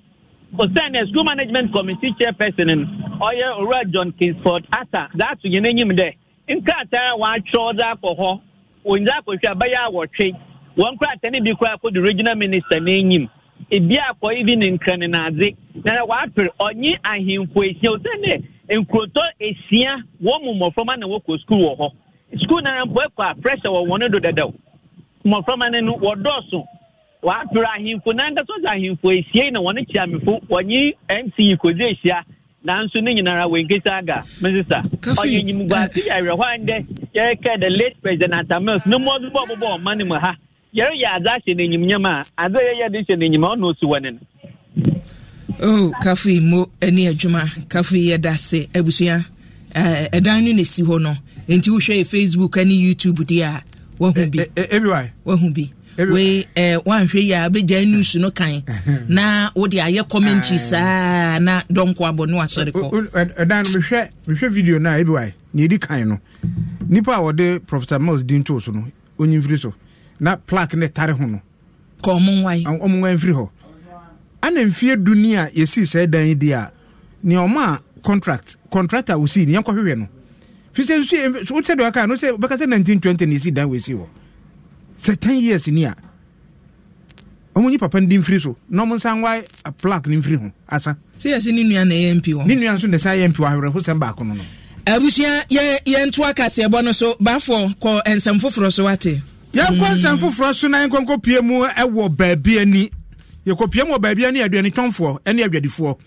osan school management committee chairperson no ɔyɛ owura john kingsford asa daatu yɛn anim dɛ nkrataa a wɔatwerɛ ɔdze akɔ hɔ wɔndze akɔhwɛ abɛyɛ awɔtwe wɔn krataa no bi kora akɔdu regional minister n'enyim ebi akɔ ebi ne nkran n'adze na wɔapere ɔnyi ahemfo esia osan nkurotɔ esia wɔn mu mmɔframma na wɔkɔ sukuu wɔ hɔ sukuu na mpo ɛkɔ a pressure wɔ wɔn do dadaw mmɔframma no no wɔdɔɔso wɔapere ahemfo nanda sɔsɔ ahemfo esia na wɔn kyiamifo wɔnyi mce kodzi ehyia nanso ne nyinara wɔ nkesa aga mesisa ɔyɛ nyimguase yɛ awerɛhɔ ndɛ yɛreka the late president atamils ne mu ɔdobɔ ɔbobɔ ɔma no mu ha yɛreyɛ adze ahyɛ n'enyim nyɛma a adze yɛyɛ de hyɛ n'enyim a ɔna osi wɔ ne no oh kafe mo ani adwuma kafe yɛda se abusua ɛdan eh, no na esi hɔ no nti wohwɛ yɛ facebook ne youtube deɛ a wahu bi eh, eh, wahu bi wei wanhwɛ yi a bɛgya news no kan na wode ayɛ commentary saa na dɔnko abɔ ne wasɔre kɔ ɛdan no mehwɛ mehwɛ video no a ɛbiwae ne ɛdi kan no nipa a wɔde professor miles din too so no ɔnyimfiri so na plaque ne tare ho no kɔ ɔmo nwae ɔmo nwae mfiri hɔ ana mfie duni a yɛsii sɛ dan yi deɛ a nea ɔmo contract contractor a wosii ne yɛnkɔhwehwɛ no fi sɛ nsu wotɛ deɛ waka no sɛ wobɛka sɛ 1920 ne yɛsii dan wɔsii hɔ sɛ 10 years ni a ɔmo nyi papa no di mfiri so na ɔmo nsa nwa plaque no mfiri ho asa sɛ yɛse ni nua na ɛyɛ mpi wɔ ne nua nso ne sa yɛ mpi wɔ awerɛhosɛm baako no no abusua yɛntoa kaseɛbɔ no so bafoɔ kɔ nsɛm foforɔ so wate yɛnkɔ nsɛm foforɔ so na yɛnkɔnkɔ pie mu ɛwɔ baabi ani yɛkɔpia mu wɔ baabi ne aduanetɔnfoɔ ne adwadifoɔ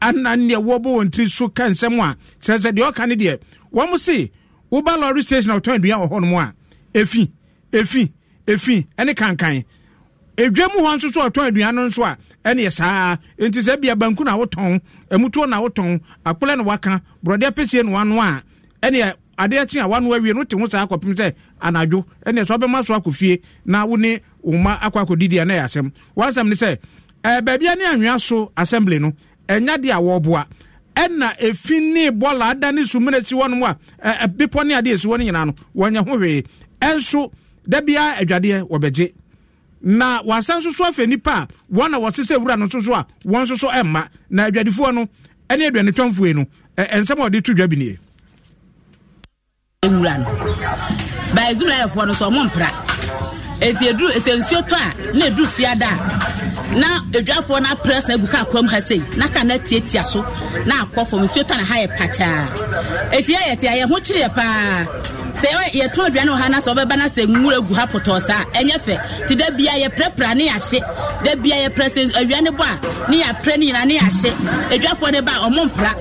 ana neɛ wɔbɔ wɔn tiri so ka nsɛm a kyerɛ sɛ deɛ ɔka ne deɛ wɔn se woba lɔre station a wɔtɔn aduane wɔ hɔnom a efi efi efi ne kankan edwa mu hɔ nso so ɔtɔn aduane no nso a ɛne yɛ saa nti sɛ bia banku na wotɔn emutuo na wotɔn akpɛlɛ na waka borɔdeɛ pesie na wanoa ɛne adeɛ kye a wano awie no te ho saa akɔpem sɛ anadwo ɛne sɛ wobɛma so akɔ fie na wo ne wo ma akɔ akɔdidi a na ɛyɛ asɛm wansɛm ne sɛ ɛɛ baabia ne anwea so assembly no ɛnya deɛ a wɔreboa ɛna efi ne bɔla ada ne sumina si hɔnom a ɛɛ bepɔ ne adeɛ si hɔ nyinaa no wɔnyɛ ho hwee ɛnso dabia adwadeɛ wɔbɛgye na wasan soso afɛ nipa a wɔn a wɔsesɛ wura no soso a wɔn soso ɛmma na adwadifoɔ no ɛne aduanetɔnfoɔ no ɛɛ nsɛm a wɔde to dwa bi nie ewura no baa ezulayɛfoɔ no so ɔmo mpra eti eduru esi nsuo tɔ a na eduru fiada a na edwafoɔ na apra san egu kaa kɔm ha sei na kaa na tietia so na akɔ fam nsuo tɔ na ha yɛ pakyaa eti yɛ yɛte a yɛn ho kyerɛ yɛ paa sɛ yɛtɔn aduane wɔ ha na sɛ ɔbɛba na sɛ nwura gu ha pɔtɔɔ saa ɛnyɛ fɛ te da bia yɛprɛprɛ ne yɛahye da bia yɛprɛ sɛ aduane bɔ a ne yɛaprɛ ne nyinaa ne yɛahye edwafoɔ ne ba a ɔmo mpra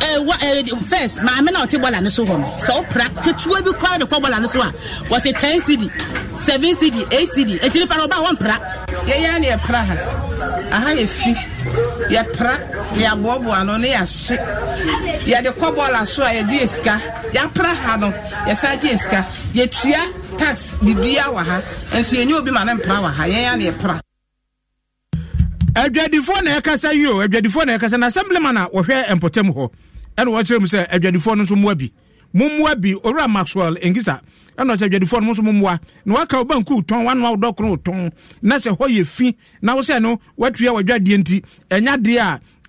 Eh, first maame na ɔte bɔla ne so hɔ no sɛ wopra ketewa bi koraa de kɔ bɔla ne so a wɔse 10 cd 7 cd 8 cd ɛnti nipa no ɔba wɔmpra yɛyɛ ne yɛpra ha aha yɛ fi yɛpra yɛaboaboa ano ne yɛahye yɛde kɔ bɔla so a yɛde yɛ sika yɛapra ha no yɛsan gye yɛ sika yɛtua tax bibia wɔ ha nso yɛnyɛ obi ma ne mpra wɔ ha yɛyɛ ne yɛpra adwadifoɔ na ɛkasa yio adwadifoɔ na ɛkasa na assemblyman a wɔhwɛ mpɔtam hɔ ɛna wɔkyerɛ mu sɛ adwadifoɔ no nso mmoa bi mumua bi owura maxwell nkisa ɛna ɔsɛ adwadifoɔ no nso mumua na waka wo banku tɔn wanoa wo tɔn na sɛ hɔ yɛ fi na wo no watua wadwadeɛ nti ɛnya deɛ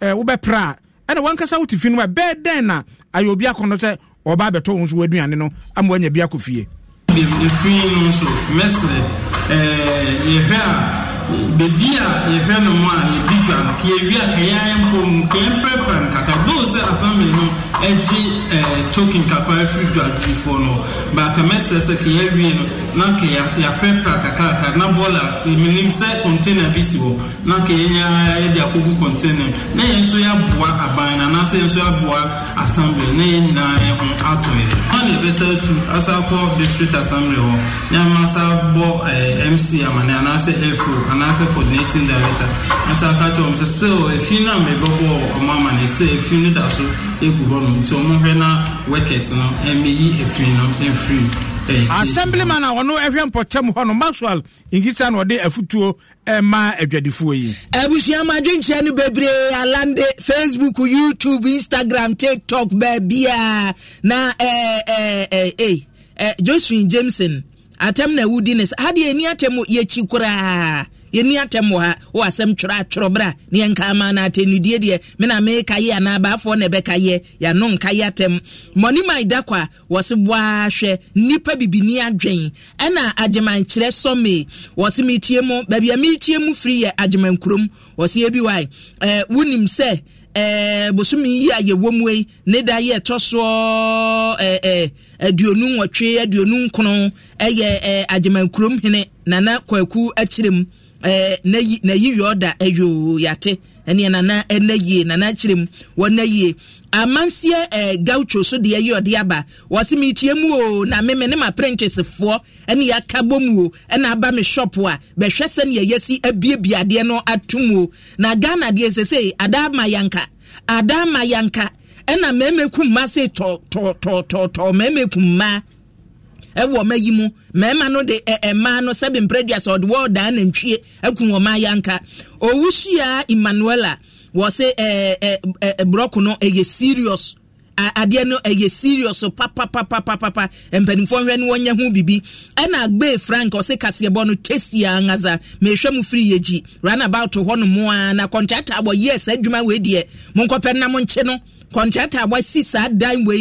a wobɛpra a ɛna wankasa wote fi no a bɛɛ dɛn na ayɛ obi akɔno sɛ ɔba abɛtɔ wo nso w'aduane no ama woanya bi akɔ fie fi no nso mɛsrɛ yɛhwɛ a bebi a yɛhwɛ no mu a yɛdi dwa no yɛwi a ɛyɛ ayɛ mpo mu kɛmpɛpɛ nkaka bɛo sɛ asamble no agye ɛɛ token kakra afiri dwadwifoɔ no baaka mɛsɛ sɛ kɛ yɛawie no na kɛ yɛapɛpɛ kakraka na bɔɔla menim sɛ container bi si hɔ na kɛ yɛnyaa yɛde akɔgu container na yɛn nso yɛaboa aban na anaasɛ yɛn nso yɛaboa asamble na yɛn nyinaa yɛn ho ato yɛ ɔne yɛbɛsa atu asa akɔ district assembly hɔ ne ama sa bɔ ɛɛ mc amane anaasɛ afro anaasɛ coordinating director ansa aka kyerɛ wɔn sɛ still efi oh, oh, no a mɛbɛbɔ ɔmo ama no still efin, no da so egu hɔnom nti ɔmo hwɛ na workers no ɛmɛyi efi no ɛmfiri assemblyman a ɔno ɛhwɛ mpɔkyɛm hɔ no maxwell nkisa na ɔde afutuo ɛma adwadifoɔ yi abusua ma adwenkyerɛ no bebree alande facebook youtube instagram tiktok baabia ah, na eh, eh, eh, eh, eh jameson atam na ewu di ne sɛ adeɛ yɛni atam yɛkyi koraa yɛni atam wɔ ha wɔ asɛm twerɛ atwerɛ berɛ a ne yɛnka ama no atɛnudie deɛ me na ka yɛ anaa baafoɔ na ɛbɛka yɛ yɛano nka yɛ atam mmɔne ma ɛda kɔ a wɔse boaa hwɛ nnipa bibini adwen ɛna agyemankyerɛ sɔmee wɔse metie mu beebi a metie mu firi yɛ agyemankurom wɔse ebi wae ɛɛ wonim sɛ ɛɛ bosome yi a yɛwɔ mu yi ne da yɛ ɛtɔ soɔ eh, eh, aduonu nwɔtwe aduonu nkono ɛyɛ agyemakurom hene nana kwaku akyire mu n'ayi yɔɔda ayoo yate ɛneɛ nana ɛna yie nana akyire mu wɔna yie amanseɛ ɛɛ gaucho so deɛ yɛ ɔde aba wɔsi mi tie mu o na meme ne ma prentice foɔ ɛne yaka bom o ɛna aba mi shop a bɛhwɛ sɛnea yɛsi abiebie adeɛ no atum o na ghana deɛ sese adaama yanka adaama yanka. ɛna mmarima kum mma se tɔtɔtɔtɔ mmarima kum mma ɛwɔ ɔma yi mu mmarima no de ɛmaa no sɛbi mprɛdua sɛ ɔde wɔɔdaa nantwie ɛkum ɔma yanka owu hyia emmanuela wɔ se ɛɛ ɛɛ brɔko no ɛyɛ serious adeɛ no ɛyɛ serious papapapapapa mpanimfoɔ nhwɛ no wɔnyɛ ho bibi ɛna agbe frank ɔsɛ kaseɛbɔ no tasty ankasa mehwɛ mu firi yɛgyi runabout hɔ no moa na kɔntrata abɔ yɛ saa adwuma wei deɛ monkɔpɛ na monkye no kɔntrata a wasi saa dan wei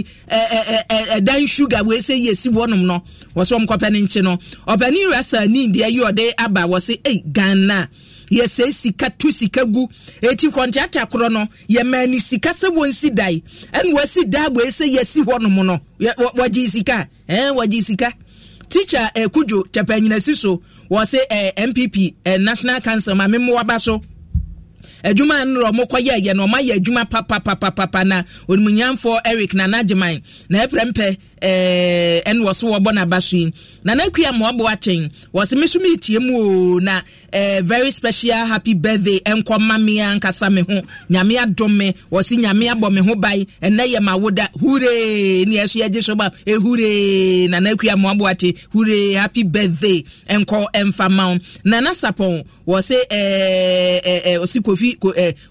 ɛdan sugar wei sɛ yɛsi wɔnom no wɔsɛ wɔn kɔpɛ ne nkye no ɔpɛni rasa ni deɛ yɛ ɔde aba wɔsɛ ɛy ghana yɛsɛ sika tu sika gu eti kɔntrata korɔ no yɛmaa ne sika sɛ wɔnsi dan ɛna wɔsi dan wei sɛ yɛsi wɔnom no wɔgye sika ɛn wɔgye sika teacher ɛkudzo eh, kyɛpɛ nyinasi so wɔsɛ ɛɛ eh, npp ɛɛ eh, national council maame mu waba so. adwuma no ɔmo kɔ yɛ yɛ no ɔmo ayɛ adwuma papapapapa na onimunyamfoɔ eric na agyeman na ɛpɛrɛ mpɛ ɛɛ ɛna wɔso wɔbɔ n'aba so yi na kuya mo abo akyɛn wɔsi mi so mi tie mu o na ɛɛ very special happy birthday ɛnkɔ mamia nkasa mi ho nyamia dɔm mi wɔsi nyamia bɔ mi ho ban ɛnɛ yɛ ma woda huree ni ɛso yɛ gye so ba ehure na kuya mo abo akyɛn huree happy birthday ɛnkɔ ɛnfa ma na nana sapɔn. wɔse ɔsi kofi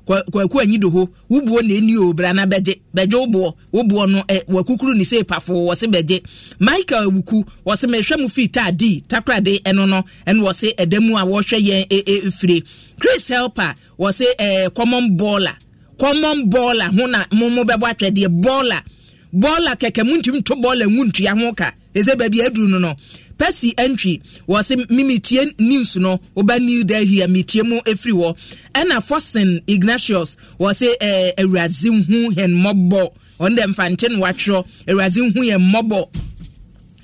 kwaku anyi do ho wobuo na ɛni o bra na bɛgye bɛgye woboɔ woboɔ no wakukuru ne sɛ pafo wɔse bɛgye michael awuku wɔse mehwɛ mu fii taa di ɛno no ɛne wɔse ɛda mu a wɔhwɛ yɛn e, e, chris helper common baller common baller ho na mo mo bɛbɔ atwɛdeɛ baller kɛkɛ mu ntumi to ngu ka ɛsɛ baabi aduru no pɛsi entry wɔsi mimitie news no ɔba new day here mitie mu efiri hɔ ɛna fosin ignatius wɔsi ɛɛ awuradze hu hɛn mmɔbɔ ɔno dɛ mfante no watwerɛ awuradze hu hɛn mmɔbɔ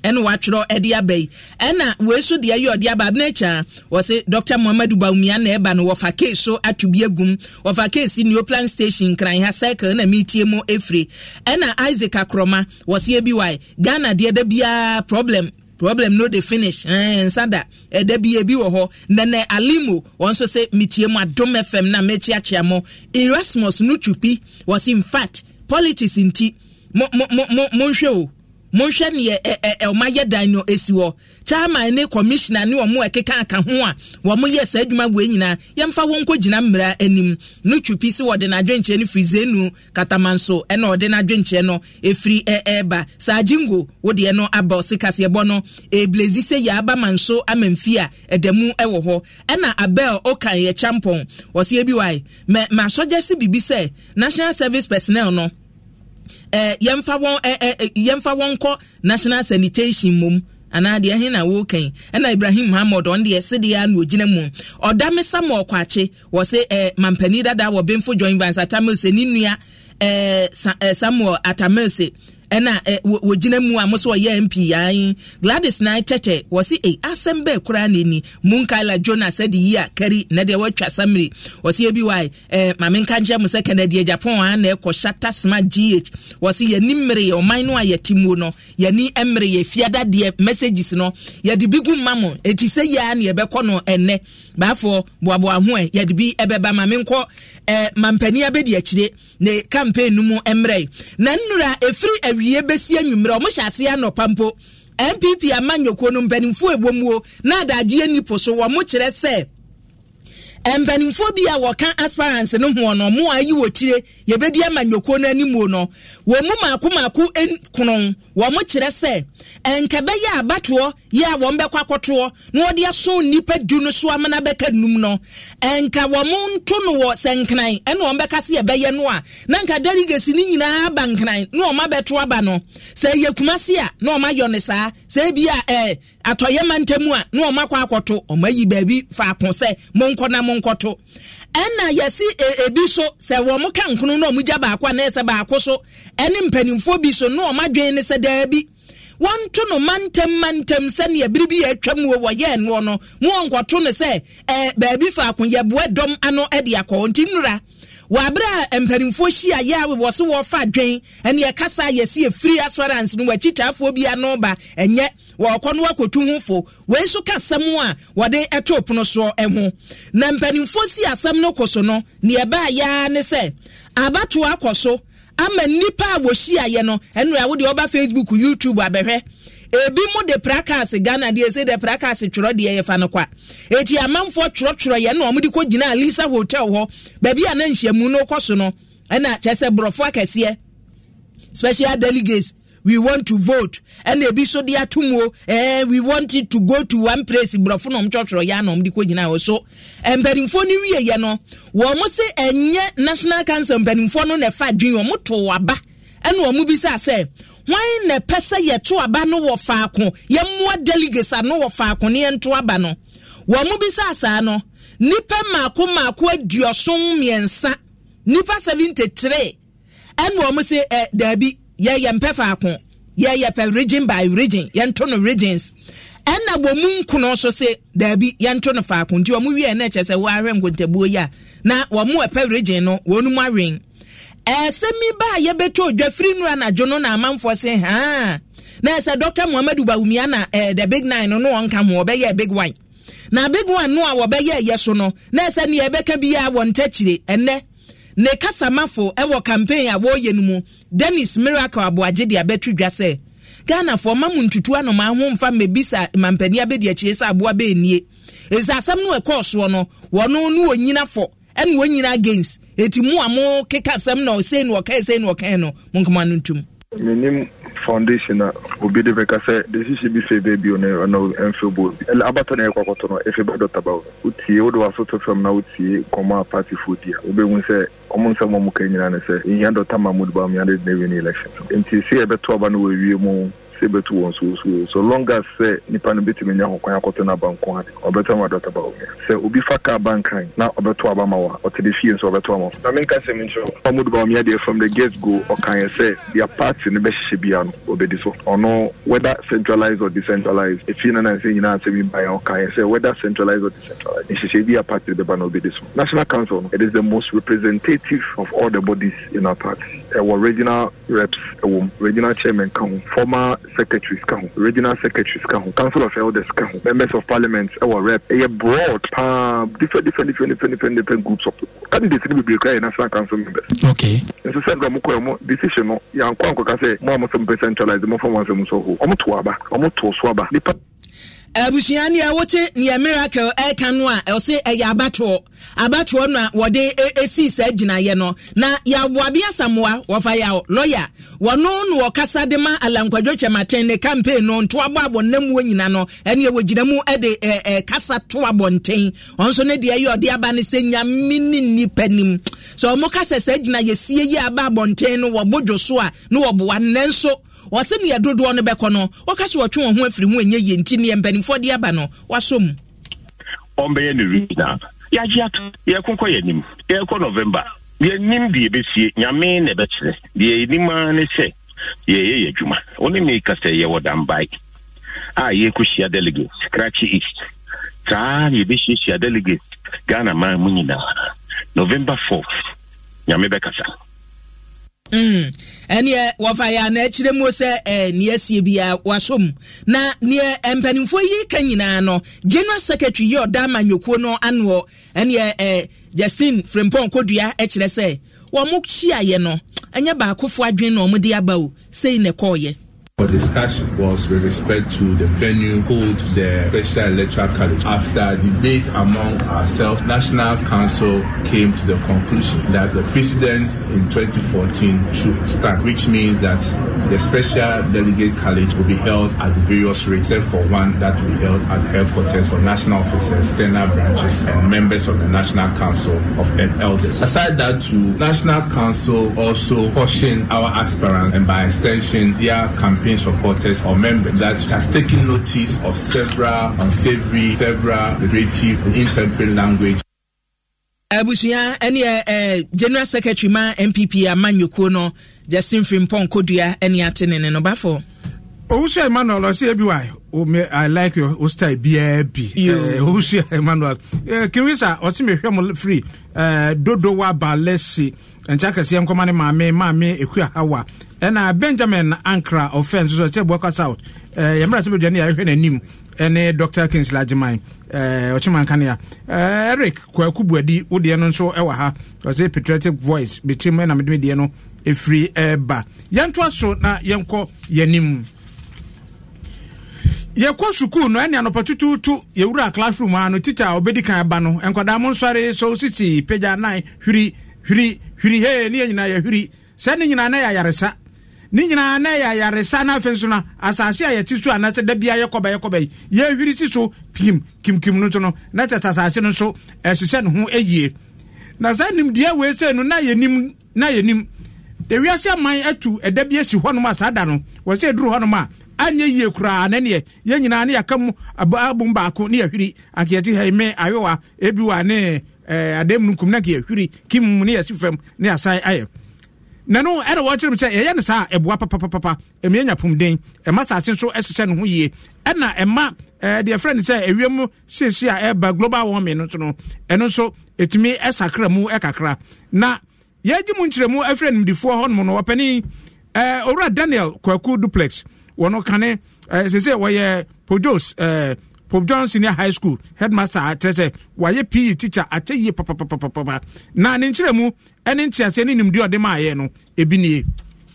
ɛna watwerɛ ɛde aba yi ɛna wei so deɛ yɛ ɔde aba abena akyi a wɔsi dr muhammadu bawumia na ɛba no wɔfa case so ato bi egum wɔfa case neoplan station kranha cycle na meetie mu efiri ɛna isaac Akroma wɔsi ebi wae ghana deɛ de biara problem problem no dey finish eh, nsada ɛda bi ebi wɔ hɔ nana alimo wɔn nso sɛ mitie mu adom fm na mɛkyiakyia mo erasmus nutupi wɔ si in fact politics nti mo mo mo mo nhwɛ o. monhwɛ neɛ ɔma yɛ dan no ɛsi hɔ chairman ne commissioner ne wɔn ɛkeka aka ho a wɔn yɛ saa adwuma wɔ nyinaa yɛmfa wɔn nkɔ gyina mmira anim no twipi si wɔde n'adwenkyerɛ no firi zenu katama nso ɛna ɔde no efiri ɛɛba saa jingo wodeɛ no aba ɔsi no ebilezi sɛ yɛ aba ma nso ama a ɛwɔ hɔ ɛna abel okan yɛ ɔsi ebi mɛ no. eh, yɛmfa wɔn eh, eh, eh kɔ national sanitation mom anaa deɛ ɛhe eh, na wɔrekɛn ɛna ibrahim muhammad ɔno deɛ sedeɛ a na ogyina mu ɔda me sa ma ɔkwakye wɔ se eh, mampanin dada wɔ benfo joint vance atamilse ne nua eh, sa, eh, samuel atamilse ɛna wɔgyina mu a mo ɔyɛ mp yan gladys nan tɛtɛ wɔsi e asɛm bɛɛ kura na ni munkaila jonas ɛde yi a kari na deɛ wɔatwa samiri wɔsi ebi wa ɛɛ maame nka nkyɛn mu sɛ kennedy japan a na ɛkɔ shata smart gh wɔsi yɛni mmiri ɔman no a yɛte mu no yɛni mmiri yɛ fiada messages no yɛde bi gu mmamo eti sɛ yia na yɛbɛkɔ no ɛnɛ baafo boaboa ho ɛ yɛde bi ɛbɛba maame nkɔ ɛɛ mampanin abɛdi akyire na campaign no mu mmerɛ na nnura efiri awi awie bɛsi anwummerɛ ɔmo hyɛ aseɛ anɔpa mpo npp ama nyɔkuo no mpanimfoɔ ɛwɔ mu o na adagyeɛ nipo so wɔn mo kyerɛ sɛ mpanimfoɔ bi a wɔka aspirants no ho no mo ayi wɔ kyire yɛbɛdi ama nyɔkuo no anim no wɔn mu maako maako kono wɔn kyerɛ sɛ nkɛbɛyɛ abatoɔ yɛ a wɔn bɛkɔ akɔtoɔ na wɔde aso nipa du no so amena bɛka num no nka wɔn nto no wɔ sɛnkran ɛna wɔn bɛka se ɛbɛyɛ no a na nka delegasi ne nyinaa aba nkran na wɔn abɛto aba no sɛ ɛyɛ kumasi a na wɔn ayɔ ne saa sɛ ebi a ɛɛ atɔyɛma ntamu a na wɔn akɔ akɔto wɔn ayi baabi faako sɛ monkɔ na monkɔto ɛna yɛsi e, ebi so sɛ wɔn ka nkono na wɔn gya baako a na yɛ baako so ɛne mpanimfoɔ bi so na wɔn adwene ne sɛ daabi wɔnto no mantam mantam sɛnea biribi bi yɛ atwa mu wɔ yɛ noɔ no mu ɔnkɔto no sɛ ɛɛ baabi faako yɛboa dɔm ano de akɔ nti nnura wɔabrɛ a mpanimfoɔ hyia yɛ a wɔwɔ so wɔfa dwen ɛne ɛkasa yɛsi efiri assurance no wɔakyi taafoɔ bi ano ba ɛnyɛ wɔkɔ no wakɔtu ho fo wei so ka asɛm a wɔde ɛto pono soɔ ɛho na mpanimfoɔ si asɛm no kɔ so no neɛ ɛbaa yɛa ne sɛ abatoɔ akɔ so ama nipa a wɔhyiaeɛ no ɛno a wode ɔba facebook youtube abɛhwɛ ebi mu de prakas ghana deɛ ɛsɛ de prakas twerɛ deɛ yɛfa no kwa eti amanfoɔ twerɛtwerɛ yɛn na wɔn de kɔ gyina alisa hotel hɔ baabi a na nhyiamu no kɔ so no ɛna kyɛ sɛ borɔfo akɛseɛ special delegates we want to vote ɛna ebi so de atum o ɛɛ eh, we want it to go to one place borɔfo na ɔmo twɛtwɛrɛ yɛ anam de kɔ gyina hɔ so eh, mpanimfoɔ no wie yɛ no wɔn se ɛnyɛ national council mpanimfoɔ no na ɛfa adwin wɔn to aba ɛna wɔn bisa sɛ wɔn na ɛpɛ sɛ yɛto aba no wɔ faako yɛmmoa delegates ano wɔ faako ne yɛnto aba no wɔn sa saa no nipa mako mako aduoson mmiɛnsa nipa seventy three ɛna wɔn se ɛ eh, daabi yɛyɛ mpɛ faako yɛyɛ pɛ region by region yɛnto no regions ɛna wɔ mu nkono nso se daabi yɛnto no faako nti wɔn wie na ɛkyɛ sɛ wɔahwɛ nkontabuo yi na wɔn mu ɛpɛ e region no wɔn mu awen ɛsɛ e, mi ba a yɛbɛtɔ odwa firi nura anadwo no na amanfoɔ se haa na ɛsɛ dɔkta muhammed bawumia na ɛɛ the big nine no no wɔn ka ho wɔbɛyɛ big one na big one no a wɔbɛyɛ ɛyɛ so no na ɛsɛ nea ɛbɛka bi a wɔn ntakyire ɛnɛ na kasamafo wɔ campaign a wɔreyɛ no mu dennis miracle aboagye de abɛto dwa sɛ ghanafoɔ ma mu ntutu anoma ho mfa mmɛbisa mampanin abɛdi akyire sɛ aboa bɛɛnie ɛsɛ asɛm no ɛkɔɔ soɔ no wɔno ne wɔnyina fɔ ɛne wɔnyina against ɛti mu a mo keka asɛm na ɔsei no ɔkae sei no ɔkae no monkoma no ntum menim foundation na uh, obi de bɛka sɛ decision bi fɛ baabi o ne ɛmfɛ bo abatɔ ne ɛkɔ akɔtɔ no ɛfɛ bɛ dɔta ba wo wotie wode wasoto fam na wotie kɔmmɔ a partyfoɔ di a wobɛhu sɛ ɔmo nsɛm mu ka nyinaa ne sɛ ɛhia dɔta ma mode ba mmeade de ne win election nti sɛ yɛbɛto aba no wɔawie mu sɛ ɛbɛtu wɔn suosuo so long as sɛ eh, nipa no bɛtumi nya ho kwan akɔtɔ no aba nko ade ɔbɛtɔ ma dɔta ba omia sɛ obi fa kaa bankan na ɔbɛto aba ma wa ɔte de fie nso ɔbɛto ama na menka sɛm nkyerɛ ɔmudu ba omia deɛ from the get go ɔkaeɛ sɛ dea party no bɛhyehyɛ bia no ɔbɛdi so ɔno whether centralized or decentralized ɛfii no nansɛ nyinaa asɛm yi baeɛ ɔkaeɛ sɛ whether centralized or decentralized nhyehyɛ bi a party no bɛba na ɔbɛdi so national council no it is the most representative of all the bodies in our party ɛwɔ regional reps ɛwɔ regional chairman ka ho former secretaries ka ho regional secretaries ka ho council of elders ka ho members of parliament ɛwɔ rep ɛyɛ broad paa different different different different different, different groups of people candidates ni bebree kura yɛ national council members. okay nso sɛ ndɔm kɔɛ mo decision no yankɔ ankɔka sɛ mo a mo sɛ mo pɛ centralize mo fɔ mo asɛm so ho ɔmo to aba ɔmo to so aba nipa abusua ne a wote neɛ miracle ɛka no a ɛwɔ sɛ ɛyɛ abatoɔ abatoɔ no wɔde ɛsii e, e, saa gyinaeɛ no na yɛaboabe asamoa wɔfa yɛ lɔya wɔno na wɔkasa de ma alankwadwo kyɛmaten ne campaign no ntoabɔ abɔnnamuɔ nyina no ɛne wɔgyina mu de e, kasa to abɔnten ɔnso ne deɛ ɛyɛ ɔde aba no sɛ nyame ne nnipa nim sɛ ɔmo kasa saa gyina yɛsie yi aba abɔnten no wɔbodwo so a na wɔboa nanso wɔsɛ ne yɛdodoɔ no bɛkɔ no wɔka sɛ wɔtwe wɔn ho afiri ho ɛnyɛ yɛ nti ne yɛ mpanimfoɔ de aba no wasɔ mu ɔmbɛyɛ ne regional yɛagye ato yɛkonkɔ yɛ yɛkɔ november yɛnim deɛ ɛbɛsie nyame na ɛbɛkyerɛ deɛ yɛnim ara ne sɛ yɛyɛ yɛ adwuma ɔne meka sɛ yɛwɔ dambae a yɛkɔhyia delegate scratch east saa na yɛbɛhyiahyia delegate ghana man mu nyinaa november 4 nyame bɛkasa Mm. ɛneɛ wɔfa yɛ ana akyerɛ mu sɛ neɛ asie bia wasom na neɛ mpanimfoɔ yi ka nyinaa no general secretary yɛ ɔda ma nnwokuo no anoɔ ɛneɛ justin frimpɔn kodua kyerɛ sɛ wɔn mo kyiaeɛ no ɛnyɛ baakofoɔ adwene na wɔde aba o sei na ɛkɔɔyɛ For discussion was with respect to the venue called the Special Electoral College. After debate among ourselves, National Council came to the conclusion that the precedent in 2014 should stand, which means that the Special Delegate College will be held at various rates, except for one that will be held at headquarters for national officers, external branches, and members of the National Council of Elders. Aside that, too, National Council also cautioned our aspirants and by extension their campaign campaign supporters or members that has taken notice of several unsavory, several relative intemperate language. abusua ɛne eh, ɛ eh, general secretary ma npp ama nyɔkuo no justin frimpong kodua ɛne ate ne ne no bafo. owusu emmanuel ɔsi ebi wa i like your style, biara bi owusu emmanuel kiri sa ɔsi mi hwɛ mo free eh, dodo wa ba lɛsi nkyɛ akɛseɛ nkɔma ne maame maame ekua hawa ɛna benjamin Ankara ɔfɛn nso sɛ buaka south ɛɛ yɛmmerɛ sɛ bɛduane yɛahwɛ n'anim ɛne dr kingsley agyeman ɛɛ ɔkyema nkanea ɛɛ eric kwaku buadi wo deɛ no nso ɛwɔ ha ɔsɛ patriotic voice bɛkyim ɛna mede deɛ no ɛfiri ɛɛba yɛntoa so na yɛnkɔ yɛnim yɛkɔ sukuu no ɛne anɔpa tutuutu yɛwura classroom a no tikya a ɔbɛdi kan ba no nkwadaa mo nsɔre so sisi pagya 9 hwiri hwiri hwiri hee ne yɛ nyinaa yɛhwiri sɛ ne nyinaa na yɛ ayaresa ne nyinaa na yɛ ayaresa na afei nso no asase a yɛte so anaasɛ da bia yɛkɔba yɛkɔba yi yɛhwiri si so pim kimkim no nso no na kyɛ sɛ asase no nso ɛhyehyɛ ne ho ayie na saa nimdeɛ wei sɛ no na yɛnim na yɛnim ewiase aman atu ɛda bi asi hɔnom a saa da no wɔ sɛ ɛduru hɔnom a anyɛ yie koraa nɛneɛ yɛn nyinaa ne yɛka mu abom baako ne yɛhwiri akeɛte ha me ayowa ebiwa ne Eh, adan mu nkum na nka yɛhwiri kim mu ne yɛsi fam ne asan ayɛ na no ɛna wɔkyerɛ mu sɛ yɛyɛ no saa ɛboa papapapa ɛmu yɛnya pɔmden ɛma saase nso ɛhyehyɛ ne ho yie ɛna ɛma ɛɛ eh, deɛ fɛn sɛ ewiem siesie a ɛba global warming no nso no ɛno nso etumi ɛsakra mu ɛkakra na yɛgye mu nkyerɛmu afiri animdifoɔ hɔ nom no wɔpɛni ɛɛ eh, owura daniel kwaku duplex wɔn kane ɛɛ sese wɔyɛ pojos ɛɛ pope john senior high school headmaster akyerɛ sɛ wayɛ pe teacher akyɛ yie papapapapa na ne nkyerɛ mu ne nteaseɛ ne nimdeɛ ɔde maayɛ no ebi nie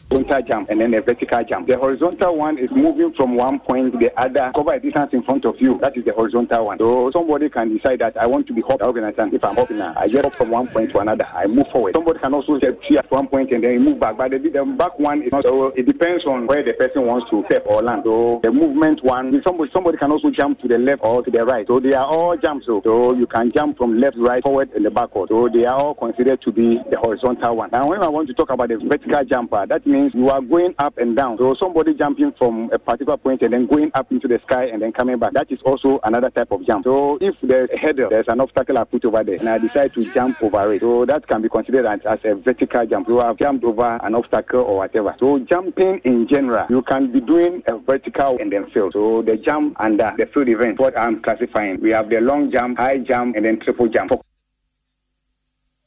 horizontal jump and then a vertical jump. The horizontal one is moving from one point to the other, cover a distance in front of you. That is the horizontal one. So somebody can decide that I want to be hop. understand. If I'm hopping, uh, I get up from one point to another. I move forward. Somebody can also step at one point and then move back. But the, the back one is not. So it depends on where the person wants to step or land. So the movement one, somebody somebody can also jump to the left or to the right. So they are all jumps. So, so you can jump from left, right, forward, and the backward. So they are all considered to be the horizontal one. Now when I want to talk about the vertical jumper, that means means you are going up and down. So somebody jumping from a particular point and then going up into the sky and then coming back. That is also another type of jump. So if there's a hurdle, there's an obstacle I put over there and I decide to jump over it. So that can be considered as, as a vertical jump. You have jumped over an obstacle or whatever. So jumping in general, you can be doing a vertical and then fail. So the jump under the field event, what I'm classifying, we have the long jump, high jump, and then triple jump.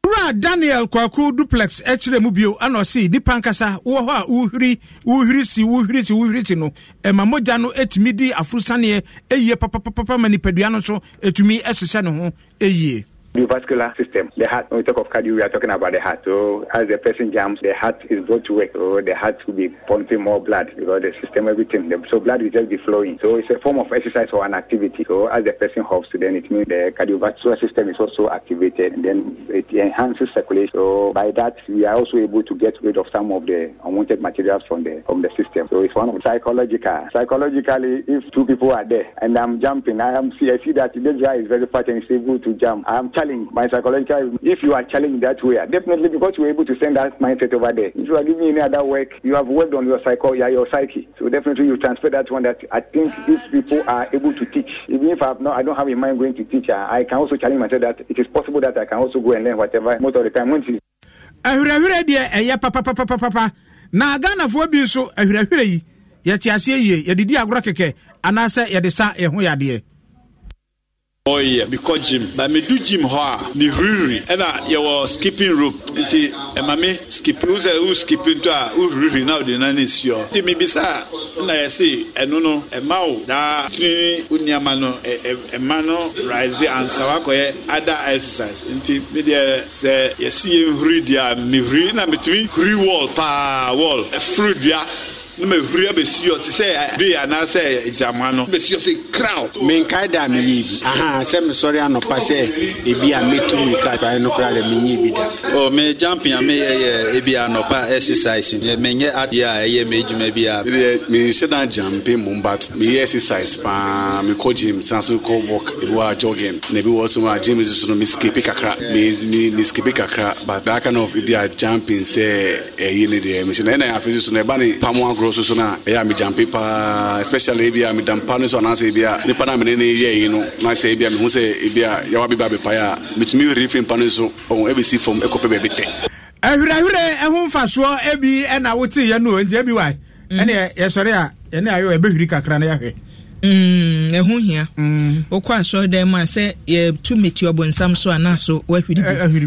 wura daniel kwaku duplex ɛkyerɛ mu bio ana ɔse nipa nkasa wɔ hɔ a wohiri wohiri si wohiri si wohiri si no ɛma mogya no ɛtumi di aforosaneɛ ɛyie papapapa ma nipadua no so ɛtumi ɛhyehyɛ ne ho ɛyie the vascular system. The heart, when we talk of cardio, we are talking about the heart. So as the person jumps, the heart is brought to work. So the heart will be pumping more blood because the system, everything. So blood will just be flowing. So it's a form of exercise or an activity. So as the person hops, then it means the cardiovascular system is also activated and then it enhances circulation. So by that, we are also able to get rid of some of the unwanted materials from the from the system. So it's one of psychological. Psychologically, if two people are there and I'm jumping, I am see I see that this guy is very fat and is able to jump. I'm challenged challenged by psychological. If you are challenged that way, definitely because you were able to send that mindset over there. If you are giving any other work, you have worked on your psycho, yeah, your psyche. So definitely you transfer that one. That I think these people are able to teach. Even if I have not, I don't have in mind going to teach. I, can also challenge myself that it is possible that I can also go and learn whatever most of the time. ahwerɛhwerɛ deɛ ɛyɛ papapapapapa na ghanafoɔ bi nso ahwerɛhwerɛ yi yɛte aseɛ yie yɛde di agorɔ kɛkɛ anaasɛ yɛde sa yɛho yadeɛ ɔyɛ mekɔ gyim na medu gyim hɔ a mehurihuri ɛna yɛwɔ skipping rope nti ɛma me skipi wo sɛ wo skipi nto a wohurihuri na wode na ne siɔ nti mebisa na yɛse ɛno no ɛma wo daa tini wo nneɛma no ɛma no rise ansa wakɔyɛ ada exercise nti medeɛ sɛ yɛsi yɛnhuri deɛ a mehuri na metumi huri wall paa wall ɛfuru dua ne ma huri abɛsi ɔ te sɛ de eh, anaasɛ eh, gyama no bɛsi ɔ sɛ kraw menkae da meyɛ bi aha sɛ mesɔre anɔpa sɛ ebi a mɛtu mi ka kwae no koraa dɛ menyɛ bi da oh, me jumping ah, eh, a meyɛ yɛ ebi anɔpa exercise menyɛ adeɛ a ɛyɛ m'adwuma bi a menhyɛ da jumping mom but meyɛ exercise paa mekɔ gym san so kɔ walk ebi wɔ jogging na ebi wɔ so mu a gym nso no meskipi kakra meskipi kakra but that kind of ebi a jumping sɛ ɛyi ne deɛ mehyɛ na ɛna afei so no ɛba ne pamo agorɔ foforɔ so so ɛyɛ eh, a megyampe paa especially ebi a medampa no so anaasɛ ebi a nipa no a mene ne yɛ yi no na sɛ e, e, eh, eh, ebi a mehu sɛ ebi a yɛwa beba abɛpae a metumi weri fi mpa no so ɔho ɛbɛsi fam ɛkɔpɛ baabi tɛ ahwerɛhwerɛ ɛho mfasoɔ ebi ɛna woteeɛ no enti ebi wae ɛne yɛsɔre a yɛne ayɛ ɛbɛhwiri e, kakra na yɛahwɛ Mm, ɛho hia mm. wokɔ asɔre dan mu a sɛ yɛtu meti ɔbɔnsam so anaa so wahwiri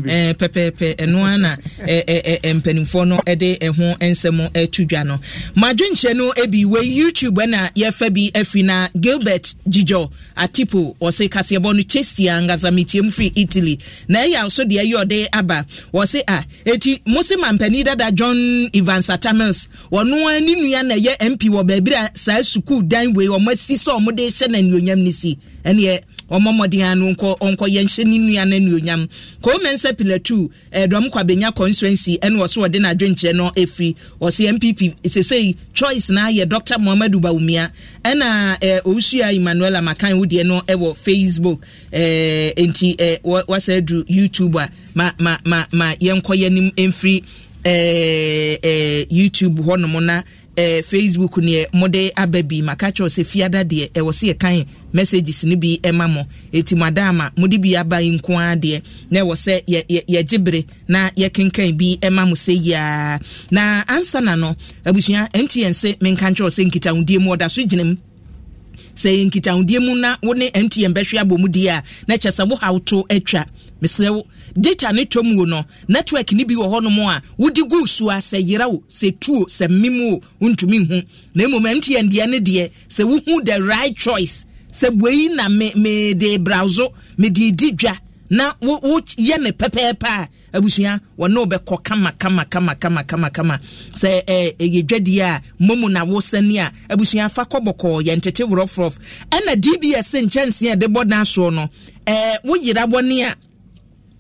bi pɛpɛɛpɛ ɛno ara na mpanimfoɔ no de ɛho nsɛm ɛtu dwa no madwenkyerɛ no bi wɔ youtube na yɛfa bi afi na gilbert gyidwo atipo ɔse kaseɛbɔ no chestia ankasa metiam firi italy na ɛyɛ so deɛ ɛyɛ ɔde aba wɔse a ah, ɛti mo mampani dada john evans atamils ɔno ara ne nua na ɛyɛ mp wɔ baabi a saa sukuu dan wei ɔmo sɛ ɔmode hyɛ no anuonyam no si ɛneɛ ɔmɔmmɔden a no nkɔ yɛ nhyɛ ne nnua no anuonyam kɔɔmɛnsa pilatu ɛdɔm kwabenya constituency ɛne wɔ so wɔde n'adwenkyerɛ no ɛfiri ɔse mpp sesei choice na yɛ dr mohamad bawumia ɛna ɔwusua eh, emmanuel amakan wodeɛ no ɛwɔ facebook eh, enti eh, wasa aduru youtube a ma ma ma yɛnkɔ yɛnim ɛmfiri youtube hɔnom na eh, facebook neɛ eh, mode aba eh, eh, bi maka kyerɛw sɛ fiada deɛ ɛwɔ sɛ yɛkan messages no bi ɛma mo ɛti mo ada ama mode bi aba yi nko ara deɛ na ɛwɔ sɛ yɛgye bere na yɛkenkan bi ɛma mo sɛ yiaa na ansa na no abusua ɛnti yɛn se menka nkyerɛw sɛ nkitahodie mu ɔda so gyina mu sɛ nkitahodie mu na wo ne ɛnti yɛn bɛhwe abɔ mu die a na kyɛ sɛ wo haw to atwa mesrɛ data ne tɔm wo no network ne bi wɔ hɔnom a wode gu suo a sɛ yera wo sɛ tuo sɛ mem o wontumi hu na mmom ɛnteɛndeɛ ne deɛ sɛ wohu the right choice sɛ buei na mede browso mede di dwa na woyɛ ne pɛpɛɛpɛ a abusua wɔne wobɛkɔ kamakamakamakamakama sɛ eh, dwadiɛ a momu na wosani a abusua fa kɔbɔkɔɔ yɛntete worɔforɔf ɛna dbs nkyɛnsee a ɛde bɔ da soɔ no woyera bɔne a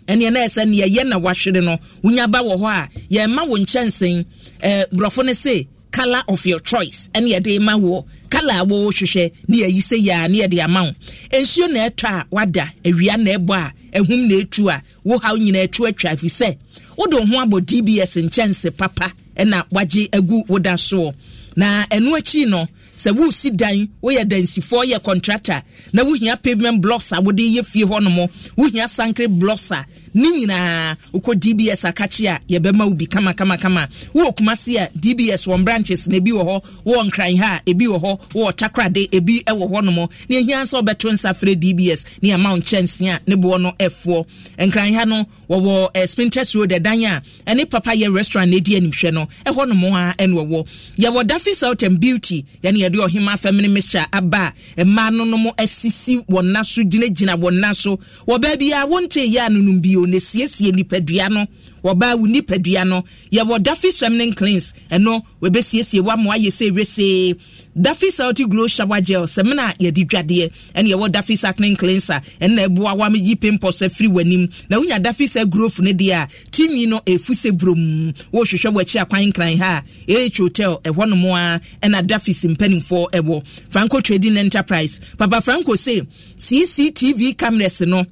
ɛneɛ na ɛsɛ ne yɛyɛ na wahwere no wonyaba wɔ hɔ a yɛma wo nkyɛnsee eh, borɔfo no se color of your choice ɛne yɛde ma woɔ kala a wɔwɔ hwehwɛ ne yɛyi sɛ yɛa ne yɛde ama wo nsuo na ɛtɔ a wada awia na ɛbɔ a ɛhum na ɛtu a wohaw nyina ɛtu atwa afi sɛ wode wo ho abɔ dbs nkyɛnse papa ɛna wagye agu woda soɔ na ɛno akyi no sɛ wosi dan woyɛ dansifoɔ yɛ contractor na wohia pavement blocks a wode yɛ fie hɔ nom wohia sankere blocks a ne nyinaa wokɔ dbs akakye a yɛbɛma wo bi kamakamakama wowɔ kuma se a dbs wɔn branches na ebi wɔ hɔ wowɔ nkran ha a ebi wɔ hɔ wowɔ takrade ebi wɔ hɔ nom na ehia sɛ wɔbɛto nsa frɛ dbs ne ama wo nkyɛnsee a ne boɔ no ɛfoɔ nkran ha no wɔwɔ eh, spintex road ɛdan a ɛne papa yɛ restaurant na edi animhwɛ no ɛhɔ nom ha ɛna wɔwɔ yɛwɔ dafi south and beauty yɛne yɛde ɔhema family mixture aba a mmaa no nom asisi wɔn na so gyinagyina wɔn na so wɔ baabi a wɔnte yɛ anonom bio bio na siesie nipadua no wɔbaa wo nipadua no yɛwɔ dafi swimming cleans ɛno wɔbɛsiesie wɔamoa yɛ sɛ wesee dafi salty glow shower gel sɛmina yɛde dwadeɛ ɛna yɛwɔ dafi sacning cleanser ɛna ɛboa wa yi pimples afiri w'anim na wonya dafi sɛ growth ne deɛ a tinwi no efu sɛ burom wɔrehwehwɛ wɔakyi akwan kran ha eh hotel ɛhɔ nom a ɛna dafi si mpanimfoɔ ɛwɔ franco trading enterprise papa franco say cctv cameras no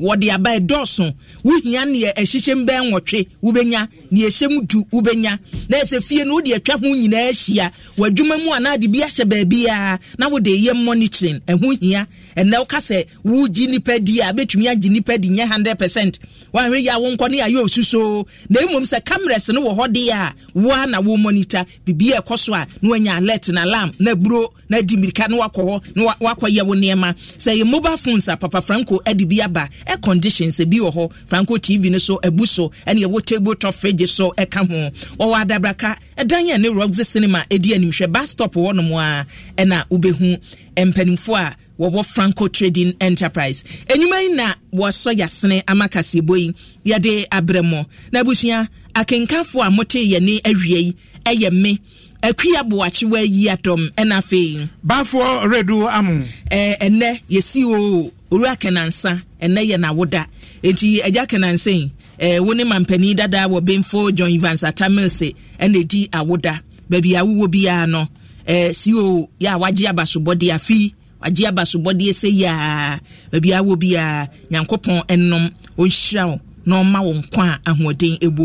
wɔde aba ɛdɔɔso wohia ne yɛ ɛhyehyɛ mbɛn nwɔtwe wobɛnya ne yɛhyɛ mu du wobɛnya na ɛsɛ fie no wode atwa ho nyinaa ahyia w'adwuma mu anaa de bi ahyɛ baabiaa na wode yɛ monitoring ɛho hia ɛnɛ woka sɛ wogye nnipa di a bɛtumi agye nnipa di nyɛ 100 percent wɔanhwɛ yi a nkɔ ne ayɛ osu na mmom sɛ cameras no wɔ hɔ deɛ a woa na wo monitor biribi a ɛkɔ so a na wanya alert na alarm na buro na di mirika na wakɔ hɔ na wakɔyɛ wo nneɛma sɛ yɛ mobile phones a papa franco de bi aba air conditions bi wɔ hɔ franco tv no so abu so ɛne ɛwɔ table top fridge so ɛka e ho wɔwɔ adabraka ɛdan e a ne roxy cinema ɛdi e animhwɛ bus stop hɔ nom a ɛna wobɛhu mpanimfoɔ a wɔwɔ franco trading enterprise enyuma yi na wɔsɔ yasene ama kasebo yi yɛde abrɛ mɔ na abusua akenkanfo a mote yɛ ne awie yi ɛyɛ me akuya boakyewa yi adɔm ɛna afei. baafoɔ redu amu. ɛɛ ɛnɛ yɛsi o owura kɛnansa ɛnɛ yɛ n'awoda eti ɛgya kɛnansa yi ɛɛ wɔn ne mampanin dada wɔ benfo john evans atamilse ɛna edi awoda baabi awuwo biara no ɛɛ si o yɛ a wagye abasobɔ afi agye aba so bɔdeɛ sɛ yiaa baabi awɔ biaa nyankopɔn ɛnom ɔnhyira wo na ɔma wo nkwa a ahoɔden ɛbɔ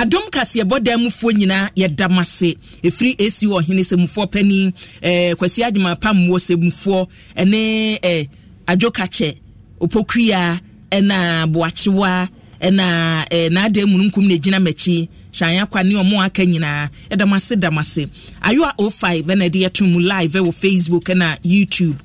adom kaseɛbɔ dan mufoɔ nyinaa yɛda m ase ɛfiri ɛsi wɔ ɔhene sɛmufoɔ pani eh, kwasi agyema pa mmuɔ sɛmufoɔ ɛne eh, adwokakyɛ opokuria ɛna boakyewa ɛna eh, naada mu nkum na ɛgyina m'akyi hyɛn kwa ne ɔmo aka nyinaa ɛdam ase dam ase ayowa 05 ɛna ɛde yɛto mu live ɛwɔ facebook ɛna youtube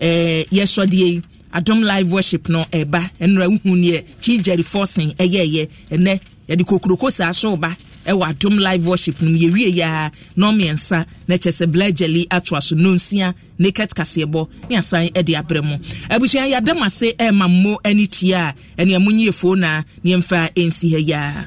ɛɛ e, yɛsɔ deɛ yi e, adom live worship no ɛba e ɛnura huhu neɛ kyi jerry forsen ɛyɛɛyɛ ɛnɛ yɛde kokoroko saa so ba ɛwɔ adom live worship no mu yɛwie yɛa nɔmmiɛnsa na kyɛ sɛ blagely atoa so nonsia naked kaseɛbɔ ne asan de abrɛ mu abusua yɛadam ase ɛma mmo ani tie a ɛneɛ monyie fo naa neɛmfa ɛnsi ha yiaa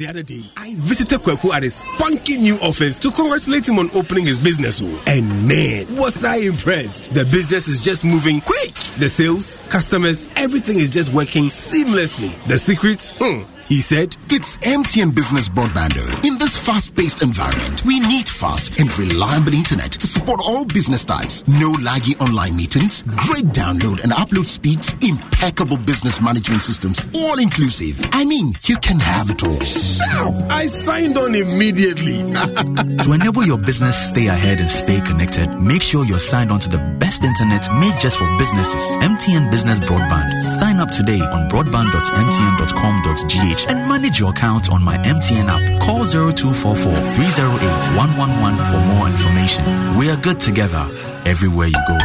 the other day, I visited Kweku at his spunky new office to congratulate him on opening his business. And man, was I impressed! The business is just moving quick. The sales, customers, everything is just working seamlessly. The secret? Hmm he said, It's MTN Business Broadband. In this fast paced environment, we need fast and reliable internet to support all business types. No laggy online meetings, great download and upload speeds, impeccable business management systems, all inclusive. I mean, you can have it all. Shout! I signed on immediately. to enable your business stay ahead and stay connected, make sure you're signed on to the best internet made just for businesses. MTN Business Broadband. Sign up today on broadband.mtn.com.gh and manage your account on my MTN app. Call 0244 308 111 for more information. We are good together everywhere you go.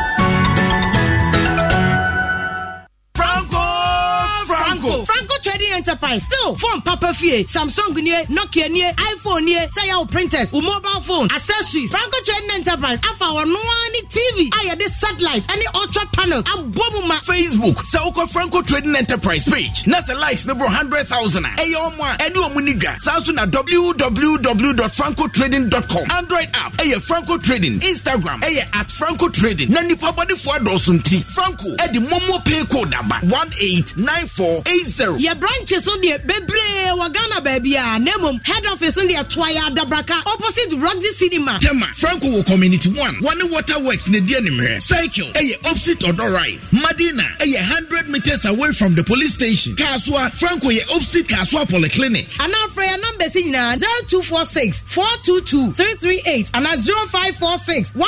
trading enterprise still phone papa fie samsung nie nokia nie iphone nie sɛ yɛ printers wo mobile phone accessories franco trading enterprise afa wɔno noani tv a yɛde satellite any ultra panels abɔ mu ma facebook sɛ franco trading enterprise page na likes number boro 100000 a ɛyɛ ɔmo a ɛne ɔmo ne dwa saa nso na www.francotrading.com android app ɛyɛ franco trading instagram ɛyɛ at franco trading na nipa bɔdefoɔ adɔɔso nti franco ɛde momo pay code aba 189480 branches no deɛ bebree wɔ ghana baabi a na head office on the toayɛ adabraka opposite roxy cinema tema franco community one wɔne water works ne deɛ nimerɛ cycle ɛyɛ opposite Odorize. rise madina ɛyɛ hundred meters away from the police station Kaswa. franco yɛ opposite Kaswa polyclinic anaafrɛ Our numbers nyinaa zero two four six four two two three three eight ana zero five four six one.